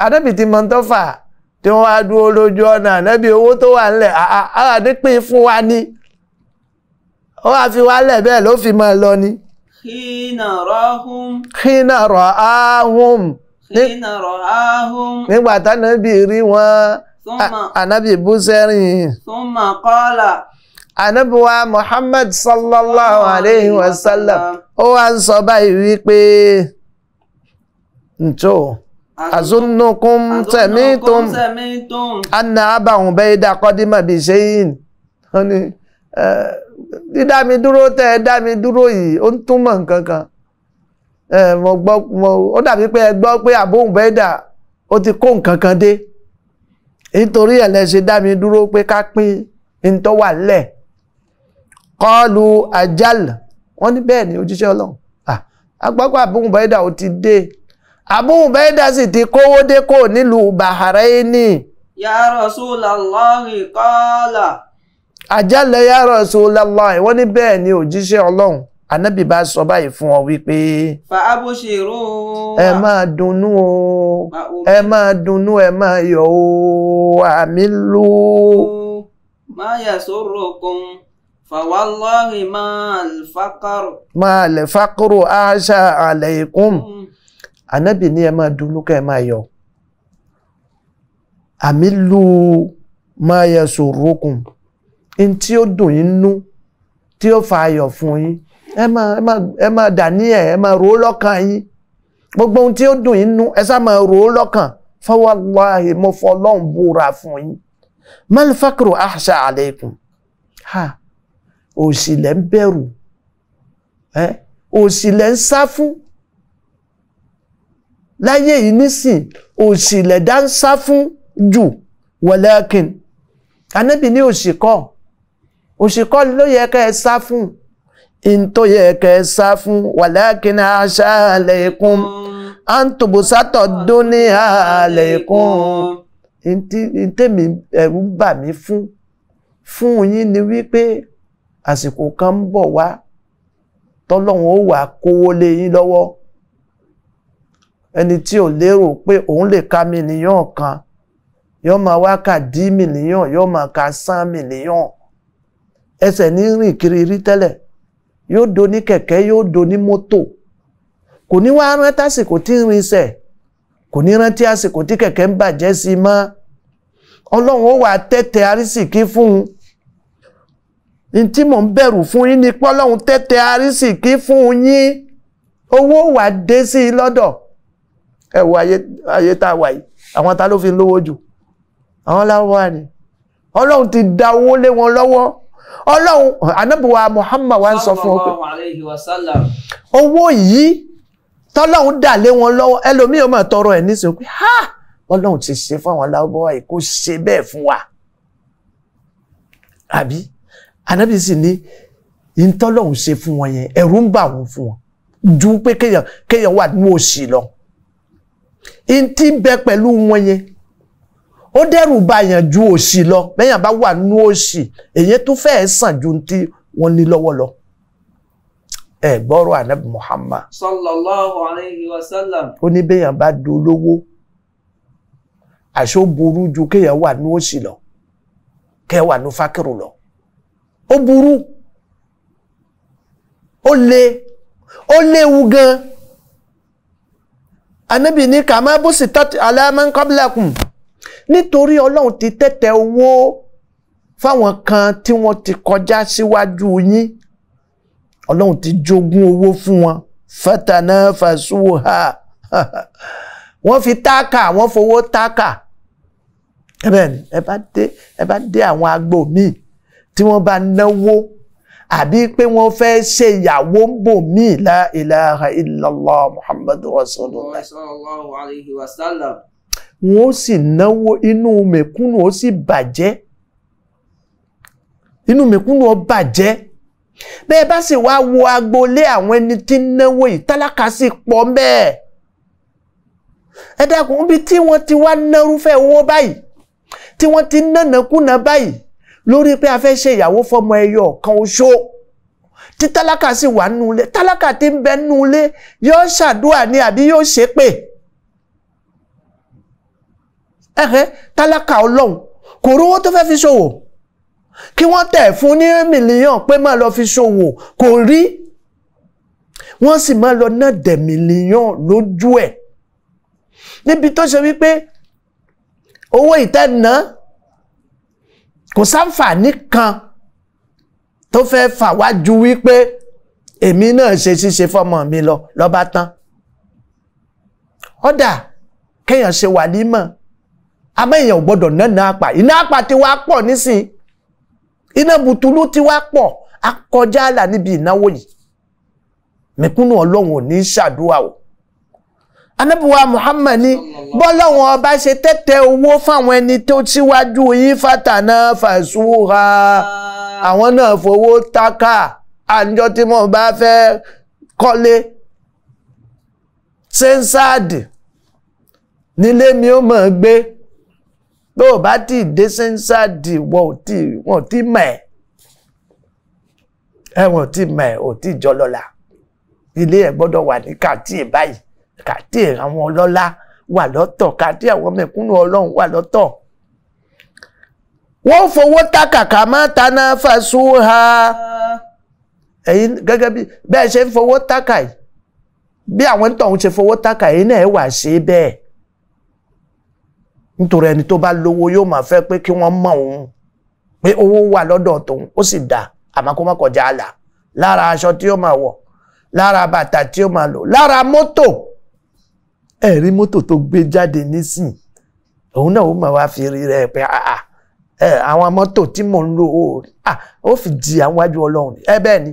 anabi ti mọ̀ tó fà tí wọ́n á dúró lójú ọ̀nà anabi owó tó wà ńlẹ̀ àdépín fún wa ní ó wá fi wálẹ̀ bẹ́ẹ̀ ló fi máa lọ ni. hina ra'ahum. hina ra'ahum. hina ra'ahum. nígbà tánábì rí wọn ànábì bú sẹ́rìn. thumma qala. ànábì wa Muhammad sallallahu alayhi wa sallam ó wá ń sọ báyìí wípé ǹjọ́ azunnukum sami'tum anna Aba Ubayda qadima bi shay'in. ó ní dídá mi dúró tẹ́ ẹ dá mi dúró yìí ó ń túmọ̀ nǹkan kan mo gbọ́ mo ó dàbí pé ẹ gbọ́ pé àbóhùn bẹ́ẹ̀ ó ti kó nǹkan kan dé nítorí ẹ̀ lẹ ṣe dá mi dúró pé ká pín ntọ́ wà lẹ̀ kọ́ọ̀lù àjàl, wọ́n ní bẹ́ẹ̀ ni ojúṣe ọlọ́run agbọ́gbọ́ àbóhùn bẹ́ẹ̀ dà ó ti dé àbóhùn bẹ́ẹ̀ sì ti kówó dé kò nílùú Bahrain. Ya Rasulullah qala. àjálẹ̀ ya Rasulullah wọ́n ní bẹ́ẹ̀ ni òjíṣẹ́ ọlọ́run ànábì bá sọ báyìí fún ọ wípé. fa abúṣerò. ẹ máa dunnú o ẹ máa dunnú ẹ máa yọ̀ o àmì ló. máa yà sọ̀rọ̀ kan fàwálọ́rì máa lè fákàrò. máa lè fákàrò àṣà alaykum mm. ànábì ní ẹ máa dunnú ká ẹ máa yọ̀ àmì ló máa yà sọ̀rọ̀ kan n tí ó dùn yín nú tí ó fa ayọ̀ fún yín ẹ máa ẹ máa ẹ máa dà ní ẹ ẹ máa rò lọ́kàn yín gbogbo ohun tí ó dùn yín nú ẹ sá máa rò lọ́kàn fa wallahi mo fọ ọlọ́run búra fún yín malfakro ahsa aleikum ha òṣì lẹ ń bẹ̀rù ẹ òṣì lẹ ń sá fún láyé yìí nísìn òṣì lẹ dá ń sá fún jù walakin anábì ní òṣì kọ́ òṣìkọ́lù ló yẹ kẹ́ ẹ sá fún in tó yẹ kẹ́ ẹ sá fún walakin aṣá alaykum à ń tòbò sátọ̀ dóní alaykum ntẹ́mi ẹ̀rù bà mí fún fún yín ni wípé àsìkò kan ń bọ̀ wá tọ́lọ́run ó wà kówó lé yín lọ́wọ́ ẹni tí ò lérò pé òun lè ka mílíọ̀n kan yóò máa wá kà dí mílíọ̀n yóò máa ka sán mílíọ̀n ẹsẹ̀ ní rìn kiri rí tẹ́lẹ̀ yóò do ní kẹ̀kẹ́ yóò do ní mọ́tò kò ní wá rántí àsìkò tí ń rinṣẹ̀ kò ní rántí àsìkò tí kẹ̀kẹ́ ń bàjẹ́ sí i mọ́ ọlọ́run ó wà tẹ́tẹ́ arísìkí fún un ní tí mò ń bẹ̀rù fún yín ni pé ọlọ́run tẹ́tẹ́ arísìkí fún yín owó wà dé sí i lọ́dọ̀ ẹ wo ayé tá a wà yìí àwọn ta ló fi lówó jù àwọn láwọn wà ní ọlọ́run ti da owó lé wọn lọ́wọ́ ọlọ́run anábìwá Muhammad wa ń sọ fún wọn pé owó yìí tọ́lọ́run dà lé wọn lọ́wọ́ ẹlòmíì máa tọrọ ẹ̀ nísìnyí pé ha ọlọ́run ti ṣe fún àwọn aláwọ̀ yìí kó ṣe bẹ́ẹ̀ fún wa àbí anábì sì ní ìtọ́lọ́run ṣe fún wọn yẹn ẹ̀rù ń bà wọ́n fún wọn ju pé kéèyàn wà ní òṣì lọ ìtì bẹ pẹ̀lú wọn yẹn ó dẹ́rù bàyàn ju òṣì lọ bẹ́yàn bá wà nú òṣì èyí tó fẹ́ẹ́ sàn ju ti wọn ní lọ́wọ́ lọ. ẹ gbọ́rọ̀ anabi Muhammad. sallallahu alayhi wa sallam. ó ní bẹ́yàn bá dolówó àṣọ burú ju kéèyàn wà nú òṣì lọ kéèyàn wà nú fákìrù lọ ó burú ó le ó léwu gan anabi ní kàmá bó sì tọ́tù aláàmán kọ́bílẹ̀kùn nítorí ọlọ́run ti tẹ́tẹ́ owó fáwọn kan tí wọ́n ti kọjá síwájú yín ọlọ́run ti jogún owó fún wọn fatana fasuha <laughs> wọ́n fi táàkà wọ́n fowó táàkà ẹ bá dé ẹ bá dé àwọn agbo míì tí wọ́n bá náwó àbí pé wọ́n fẹ́ ṣe ìyàwó ń bò míì la ilaha illallah muhammadu rasulullah wọn ó sì náwó inú mẹ̀kúnnù ó sì bàjẹ́ inú mẹ̀kúnnù ó bàjẹ́ bẹ́ẹ̀ bá sì wá wo agboolé àwọn ẹni tí ń náwó yìí tálákà sì pọ̀ mbẹ́ẹ̀ ẹ dákun ibi tí wọ́n ti wá nárúfẹ́ owó báyìí tí wọ́n ti nánàkúnà báyìí lórí pé a fẹ́ ṣe ìyàwó fọmọ ẹyọ kan oṣó tí tálákà sì wà nulẹ̀ tálákà ti ń bẹ nulẹ̀ yóò ṣàdúrà ni àbí yóò ṣépè ẹ̀hẹ́ tálákà ọlọ́run kò rówó tó fẹ́ fi ṣòwò kí wọ́n tẹ̀ fún ní mílíọ̀n pé má lọ fi ṣòwò kò rí wọ́n sì máa lọ ná dẹ̀ mílíọ̀n lójú ẹ̀ níbi tó ṣe wípé owó ìtẹ́nà kò sáǹfààní kan tó fẹ́ fà wá ju wípé èmi náà ṣe ṣíṣe fọmọ mi lọ lọ́ba tán ọ̀dà kéèyàn ṣe wàlímọ̀ àmọ́ èèyàn ò gbọ́dọ̀ nánà apà iná apà ti wá pọ̀ nísìn iná bùtúlù ti wá pọ̀ akọjá àlà níbi ìnáwó yìí mẹ̀kúnnù ọlọ́run ò ní ṣàdúrà o anábìwá Muhammad ní bọ́lọ́wọ́n ọba ṣe tẹ́tẹ́ owó fáwọn ẹni tó síwájú yín fàtànà fàṣúra àwọn náà fowó tákà àjọ tí mo bá fẹ́ kọ́lé sẹ́ńsáàdì nílé mi ó mọ̀ gbé tó o bá ti dé sẹ́ńsà dì wọ́n ò tí wọ́n ò tí mọ̀ ẹ́ ẹ wọ́n ò tí mọ̀ ẹ́ ò tí jọ lọ́la ilé ẹ̀ gbọ́dọ̀ wà ní kàtí ẹ̀ báyìí kàtí ẹ̀ àwọn ọlọ́lá wà lọ́tọ̀ kàtí àwọn mẹ̀kúnnù ọlọ́run wà lọ́tọ̀ wọ́n fowó tákàkà má taná fàṣù ha ẹ̀yin gẹ́gẹ́ bí bẹ́ẹ̀ ṣe ń fowó tákà yìí bí àwọn tọ̀hún ṣe fowó tákà yìí náà ẹ̀ wà ṣe bẹ́ẹ̀ nítorí ẹni tó bá lówó yóò máa fẹ́ pé kí wọ́n mọ̀ òun pé owó wà lọ́dọ̀ tòun ó sì dà àmọ́ kó má kọjá àlà lára aṣọ tí ó máa wọ̀ lára bàtà tí ó máa lò lára mọ́tò ẹ rí mọ́tò tó gbé jáde nísìn òun náà ó máa wá fi rí rẹ pé ah, ah, àwọn mọ́tò tí mò ń lò ó ah, ó fi di àwọn wájú ọlọ́run ẹ bẹ́ẹ̀ ni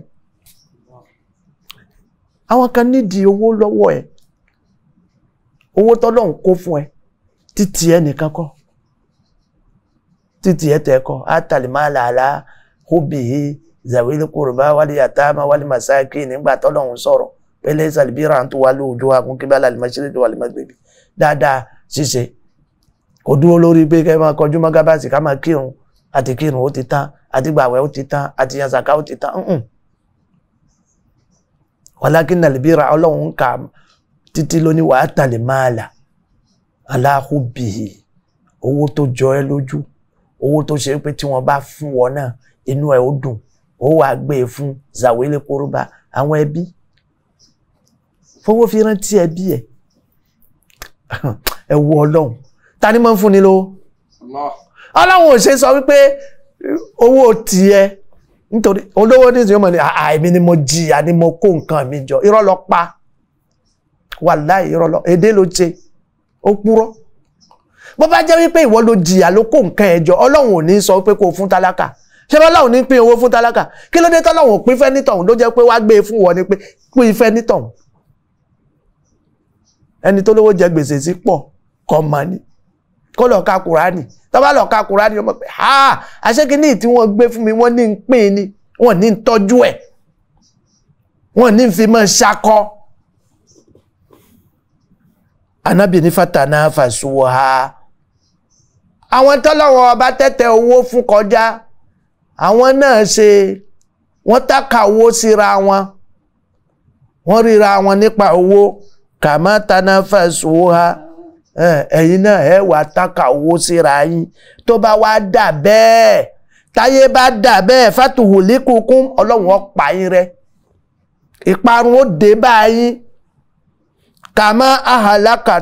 àwọn kan nídìí owó lọ́wọ́ ẹ owó tọ́lọ́run kó fún ẹ títí ẹ nìkan kọ́ títí ẹ tẹ kọ́ àtàlímàlà àlá hóbìhì zàwílì kùrùbá wálé àtàmà wálé màsáàkì nígbà tọ́lọ́hún sọ̀rọ̀ pẹ̀lẹ́ sàlìbíra àǹtó wà lóòjó àkún kí bá làlìmọ́sílẹ̀ tó wà lẹ́mọ́gbẹ̀bí dáadáa ṣíṣe kò dúró lórí pé kẹ́ máa kọjú mọ́gábàsì ká máa kírun àti kírun ó ti tán àti gbàwẹ̀ ó ti tán àti yansaka ó ti tán wàlákì nàlìbíra ọlọ́run kà títí lóní wàá tàlè máa là aláhùbìhì owó tó jọ ẹ́ lójú owó tó ṣe pé tí wọ́n bá fún ọ náà inú ẹ̀ ó dùn ó wàá gbé e fún zawele koroba àwọn ẹbí fowó fi rántí ẹbí ẹ <laughs> ẹ wo Ọlọ́run ta ni máa ń fúnni lówó Ọlọ́run ò ṣe sọ wípé owó tiẹ̀ nítorí olówó nísìnyí ó mọ̀ ní àìmí ni mo jìyà ni mo kó nǹkan mi jọ irọ́ lọ pa wàláì irọ́ lọ èdè ló ṣe ó purọ́ bó bá jẹ́ wípé ìwọ ló jìyà ló kó nǹkan ẹ̀ jọ ọlọ́run ò ní sọ pé kó o fún tálákà ṣé bọ́láhùn ní pín owó fún tálákà kí ló dé tọ́láhùn pín fẹ́ nítọ̀hún ló jẹ́ pé wá gbé e fún wọn ni pé pín ìfẹ́ nítọ̀hún ẹni tó lówó jẹ gbèsè sí pọ̀ kọ́ mọ́ ni kó lọ ka kùránì tó bá lọ ka kùránì ọmọ pé ha àṣekínní tí wọ́n gbé fún mi wọ́n ní ń pín ni wọ́n ní ń tọ́jú ẹ̀ wọ́n ní ń fi mọ́ ṣakọ́ anábì ní fatana fasuha àwọn tọ́lọ́wọ́n ọba tẹ́tẹ́ owó fún kọjá àwọn náà ṣe wọ́n tàkà owó síra wọn wọ́n ríra wọn nípa owó kàmá tana fasuha ẹ̀yin náà ẹ wà tàkà owó síra yín tó bá wá dà bẹ́ẹ̀ táyé bá dà bẹ́ẹ̀ fatuhulikukun ọlọ́run ó pa yín ìparun ó dé bá kàmá ahàlákà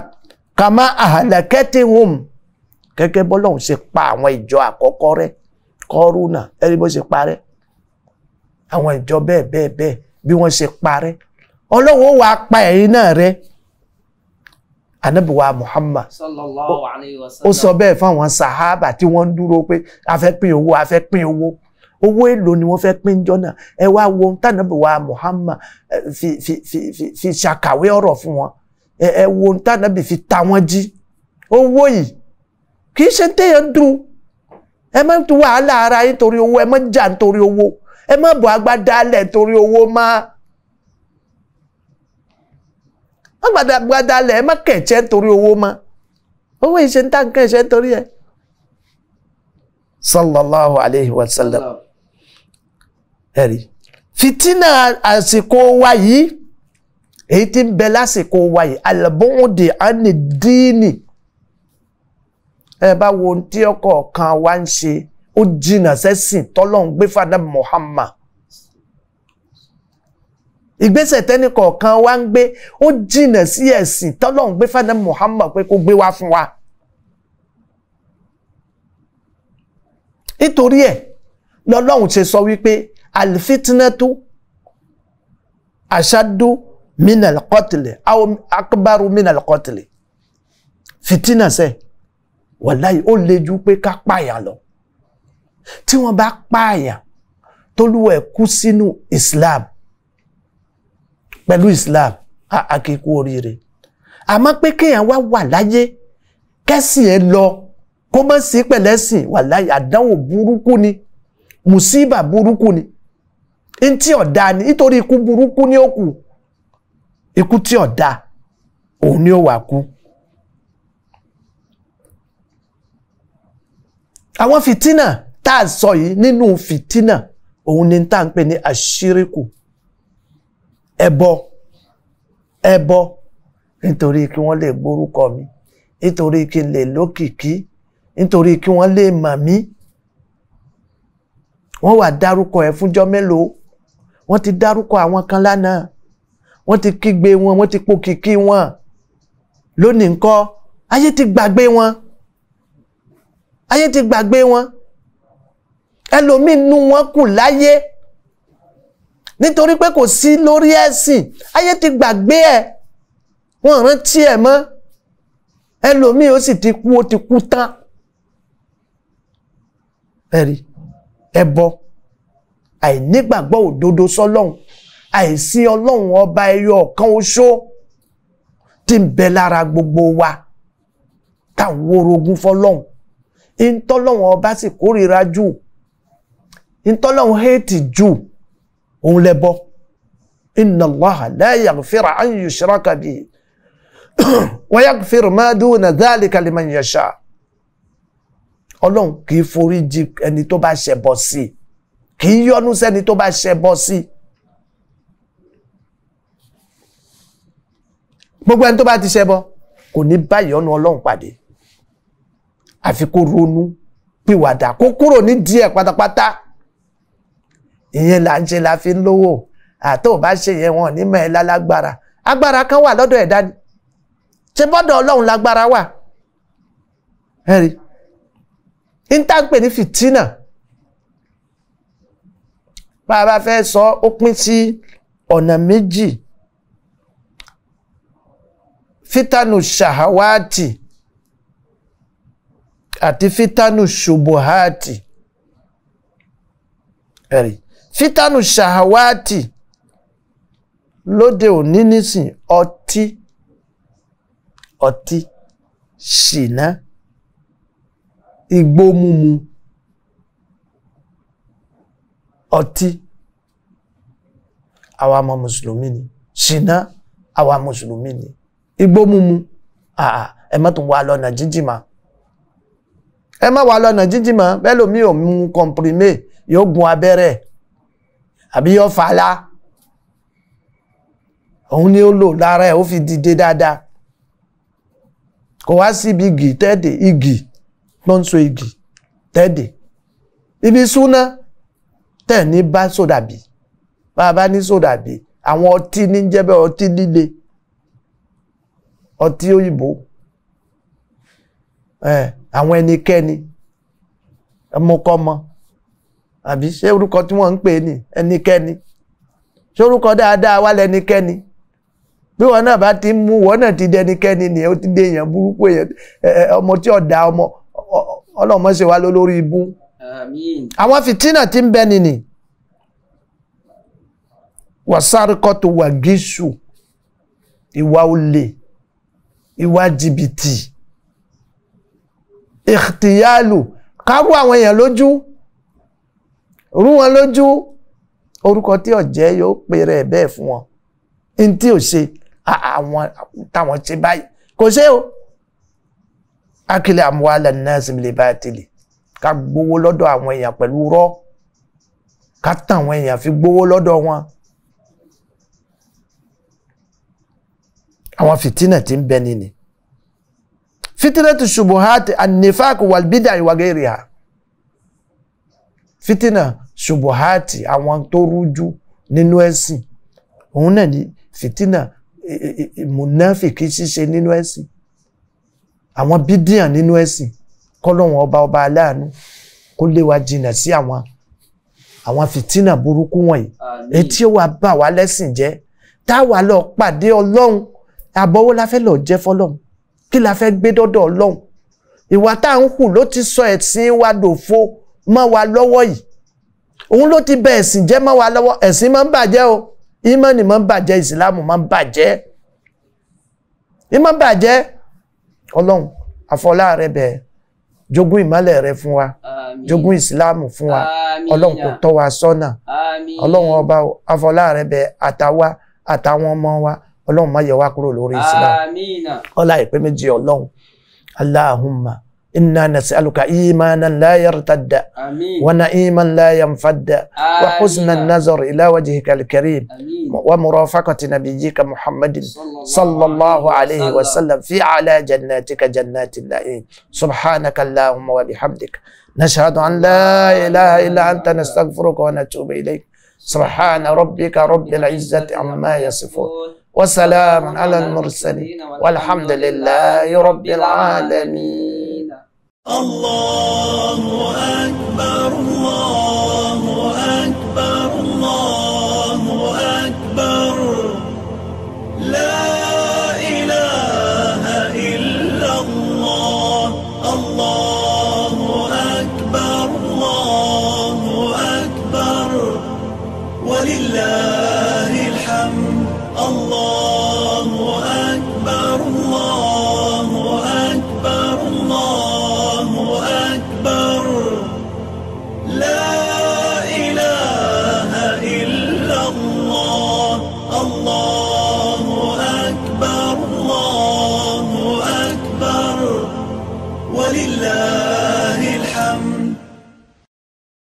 kàmá ahàlákẹ́tìhùm gẹ́gẹ́ bọ́lọ́hún ṣe pa àwọn ìjọ àkọ́kọ́ rẹ̀ kọ́rúnà ẹni bó ṣe parẹ́ àwọn ìjọ bẹ́ẹ̀ bẹ́ẹ̀ bẹ́ẹ̀ bí wọ́n ṣe parẹ́ ọlọ́wọ́ wa pa ẹ̀yin náà rẹ́ anabiwa muhammad sallallahu alaihi wasallam ó sọ bẹ́ẹ̀ fáwọn sàhábà tí wọ́n ń dúró pé a owó a owó owó èlò ni wọ́n fẹ́ pín jọ́nà ẹ wá wo tànàbí Muhammad fi fi fi fi ṣàkàwé ọ̀rọ̀ fún wọn ẹ wo tànàbí fi ta wọn jí owó yìí kì í ṣe téèyàn dùn ẹ má tu wàhálà ara yín torí owó ẹ má jà nítorí owó ẹ má bọ̀ agbádálẹ̀ torí owó má agbádálẹ̀ ẹ má kẹ̀jẹ́ nítorí owó má owó yìí ṣe ń tà ń kẹ̀jẹ́ nítorí ẹ sallallahu alayhi wa sallam ẹ̀rí fìtínà àsìkò wa yìí èyí tí ń bẹ lásìkò wa yìí alàbọ̀wọ̀dì àní díìnì ẹ bá wo ohun tí ọkọ̀ kan wa ń ṣe ó jìnnà sẹ́sìn tọ́lọ́hún gbé fada Muhammad ìgbésẹ̀ tẹ́nì kọ̀ọ̀kan wa ń gbé ó jìnnà sí ẹ̀sìn tọ́lọ́hún gbé fada Muhammad pé kó gbé wá fún wa. nítorí ẹ̀ lọ́lọ́hún ṣe sọ wípé alifitinatu asadu minal kọtili awo akibaru minal kọtili fitina ṣe wàláyé ó le jù pé ká pààyàn lọ tí wọ́n bá pààyàn tólúwa ẹ̀ kú sínú islam pẹ̀lú islam akíkú oríire àmọ́ pé kéèyàn wá wà láyé kẹ́sìn ẹ lọ kó mọ̀ sí pẹ̀lẹ́sìn wàláyé àdánwò ni mùsíbà burúkú ni ntí ọ̀dà ni nítorí ikú burúkú ni ó kù ikú tí ọ̀dà òun ni ó wà kú. àwọn fìtínà tá a sọ yìí nínú fìtínà òun ni tá à ń pè ní àṣíríkù ẹbọ ẹbọ nítorí kí wọ́n lè gbórúkọ mi nítorí kí n lè lókìkí nítorí kí wọ́n lè mà mí wọ́n wà dárúkọ ẹ̀ fúnjọ́ mélòó wọ́n ti dárúkọ àwọn kan lánàá wọ́n ti kígbe wọn wọ́n ti pokìkí wọn lónìí ńkọ́ ayé ti gbàgbé wọn ayé ti gbàgbé wọn ẹlòmíín nú wọn kù láyé nítorí pé kò sí lórí ẹ̀sìn ayé ti gbàgbé ẹ̀ wọ́n rántí ẹ̀ mọ́ ẹlòmíín ó sì ti kú ó ti kú tán ẹ̀rí ẹbọ. E àìnígbàgbọ́ òdodo sọ́lọ́hun àìsí ọlọ́hun ọba ẹyọ ọ̀kan oṣó tí ń bẹ lára gbogbo wa táwọn orogún fọ́lọ́hun ìntọ́lọ́hun ọba sì kórìíra jù ìntọ́lọ́hun héètì jù òun lẹ́bọ inna Allaha la yaghfiru an yushraka bihi wa yaghfiru ma duna dhalika liman yasha ọlọ́hun kì í forí jì ẹni tó bá ṣẹbọ sí i kì í yọ́nú sẹ́ni tó bá ṣẹbọ sí i. gbogbo ẹni tó bá ti ṣẹbọ kò ní bá ìyọ́nú Ọlọ́run pàdé àfi kó ronú pìwàdà kó kúrò ní díẹ̀ pátápátá ìyẹn là ń ṣe la fi ń lówó àtò bá ṣe yẹn wọn ní mọ lálágbára agbára kan wà lọ́dọ̀ ẹ̀dá ni ṣe bọ́dọ̀ Ọlọ́run lágbára wà ẹrí n tá ń pè ní fìtínà bá a bá fẹ́ sọ ó pín sí ọ̀nà méjì fítánù shahawati àti fítánù ṣubuhati ẹ̀rí fítánù ṣàháwáàtì lóde òní nísìn ọtí ọtí ṣìnà igbó múmu ọtí àwa ọmọ mùsùlùmí ni ṣìnà àwa mùsùlùmí ni igbó mímu àà ẹ má tún wà lọ́nà jíjìn mà ẹ má wà lọ́nà jíjìn mà bẹ́ẹ̀ lómi ò mú kọ̀mprimé yóò gun abẹ́rẹ́ àbí yóò fàlà òun ni ó lò lára ẹ̀ ó fi dìde dáadáa kò wá síbi igi tẹ́ẹ̀dẹ̀ igi ló ń igi tẹ́ẹ̀dẹ̀ ibi súná tẹ̀ ní bá sódàbí bá a bá ní sódàbí àwọn ọtí ní jẹ́bẹ́ ọtí líle ọtí òyìnbó àwọn ẹnikẹ́ni ọmọkọ́mọ àbí ṣé orúkọ tí wọ́n ń pè ní ẹnikẹ́ni ṣé orúkọ dáadáa wà lẹ́nikẹ́ni bí wọn náà bá ti mú wọn náà ti dẹnikẹ́ni nìyẹn ó ti dé èèyàn burúkú èèyàn ọmọ tí ọ̀dà ọmọ ọlọ́mọ ṣe wá lólórí ibú àwọn fìtínà tí ń bẹ nìní wàsárikọ́ tó wà gíṣù ìwà olè ìwà jìbìtì ìhtìyálù kábù àwọn èèyàn lójú rú wọn lójú orúkọ tí ọ̀jẹ́ yóò pè rẹ̀ bẹ́ẹ̀ fún wọn ní tí ò ṣe àwọn táwọn ṣe báyìí kò ṣe o akílẹ̀ àmúwálẹ̀ náà sì lè bá tìlẹ̀ ká gbowó lọ́dọ̀ àwọn èèyàn pẹ̀lú rọ́ ká tàn àwọn èèyàn fi gbowó lọ́dọ̀ wọn. àwọn fìtínà tí ń bẹ nínú fitina tu subuhati anifak walbida iwageri ha fitina subuhati àwọn tó rújú nínú ẹ̀sìn òun náà ni fitina e, e, e, munafiki ṣíṣe nínú ẹ̀sìn àwọn bídíà nínú ẹ̀sìn kọ́lọ́hún ọba ọba aláàánú kó lé wa jìnnà sí àwọn àwọn fìtínà burúkú wọ̀nyí etí ó wá bà wá lẹ́sìn jẹ́ táwa lọ pàdé ọlọ́run àbọ̀wọ́ la fẹ́ lọ jẹ́ fọlọ́run kí la fẹ́ gbé dọ́dọ̀ ọlọ́run ìwà tá à ń hù ló ti sọ ẹ̀sìn wa dòfo mọ́ wa lọ́wọ́ yìí òun ló ti bẹ ẹ̀sìn jẹ́ mọ́ wa lọ́wọ́ ẹ̀sìn máa ń bàjẹ́ o ìmọ̀nì máa ń bàjẹ́ ìsìláàmù máa ń bàjẹ́ ìmọ̀ bàjẹ́ ọlọ́run àfọlá rẹ bẹ̀ẹ́ jogún ìmọ́lẹ̀ rẹ fún wa jogún ìsìláàmù fún wa ọlọ́run kò tọ́ wa sọ́nà ọlọ́run ọba afọlá rẹ bẹ àtàwa àtàwọn ọmọ wa ọlọ́run má yẹ wá kúrò lórí ìsìláàmù ọlá ìpè méjì ọlọ́run aláhùnmá. إنا نسألك إيمانا لا يرتد آمين. ونئيما لا ينفد آمين. وحسن النظر إلى وجهك الكريم آمين. ومرافقة نبيك محمد صلى, الله عليه وسلم, في على جناتك جنات النعيم سبحانك اللهم وبحمدك نشهد أن لا إله إلا أنت نستغفرك ونتوب إليك سبحان ربك رب العزة عما يصفون وسلام على المرسلين والحمد لله رب العالمين الله أكبر الله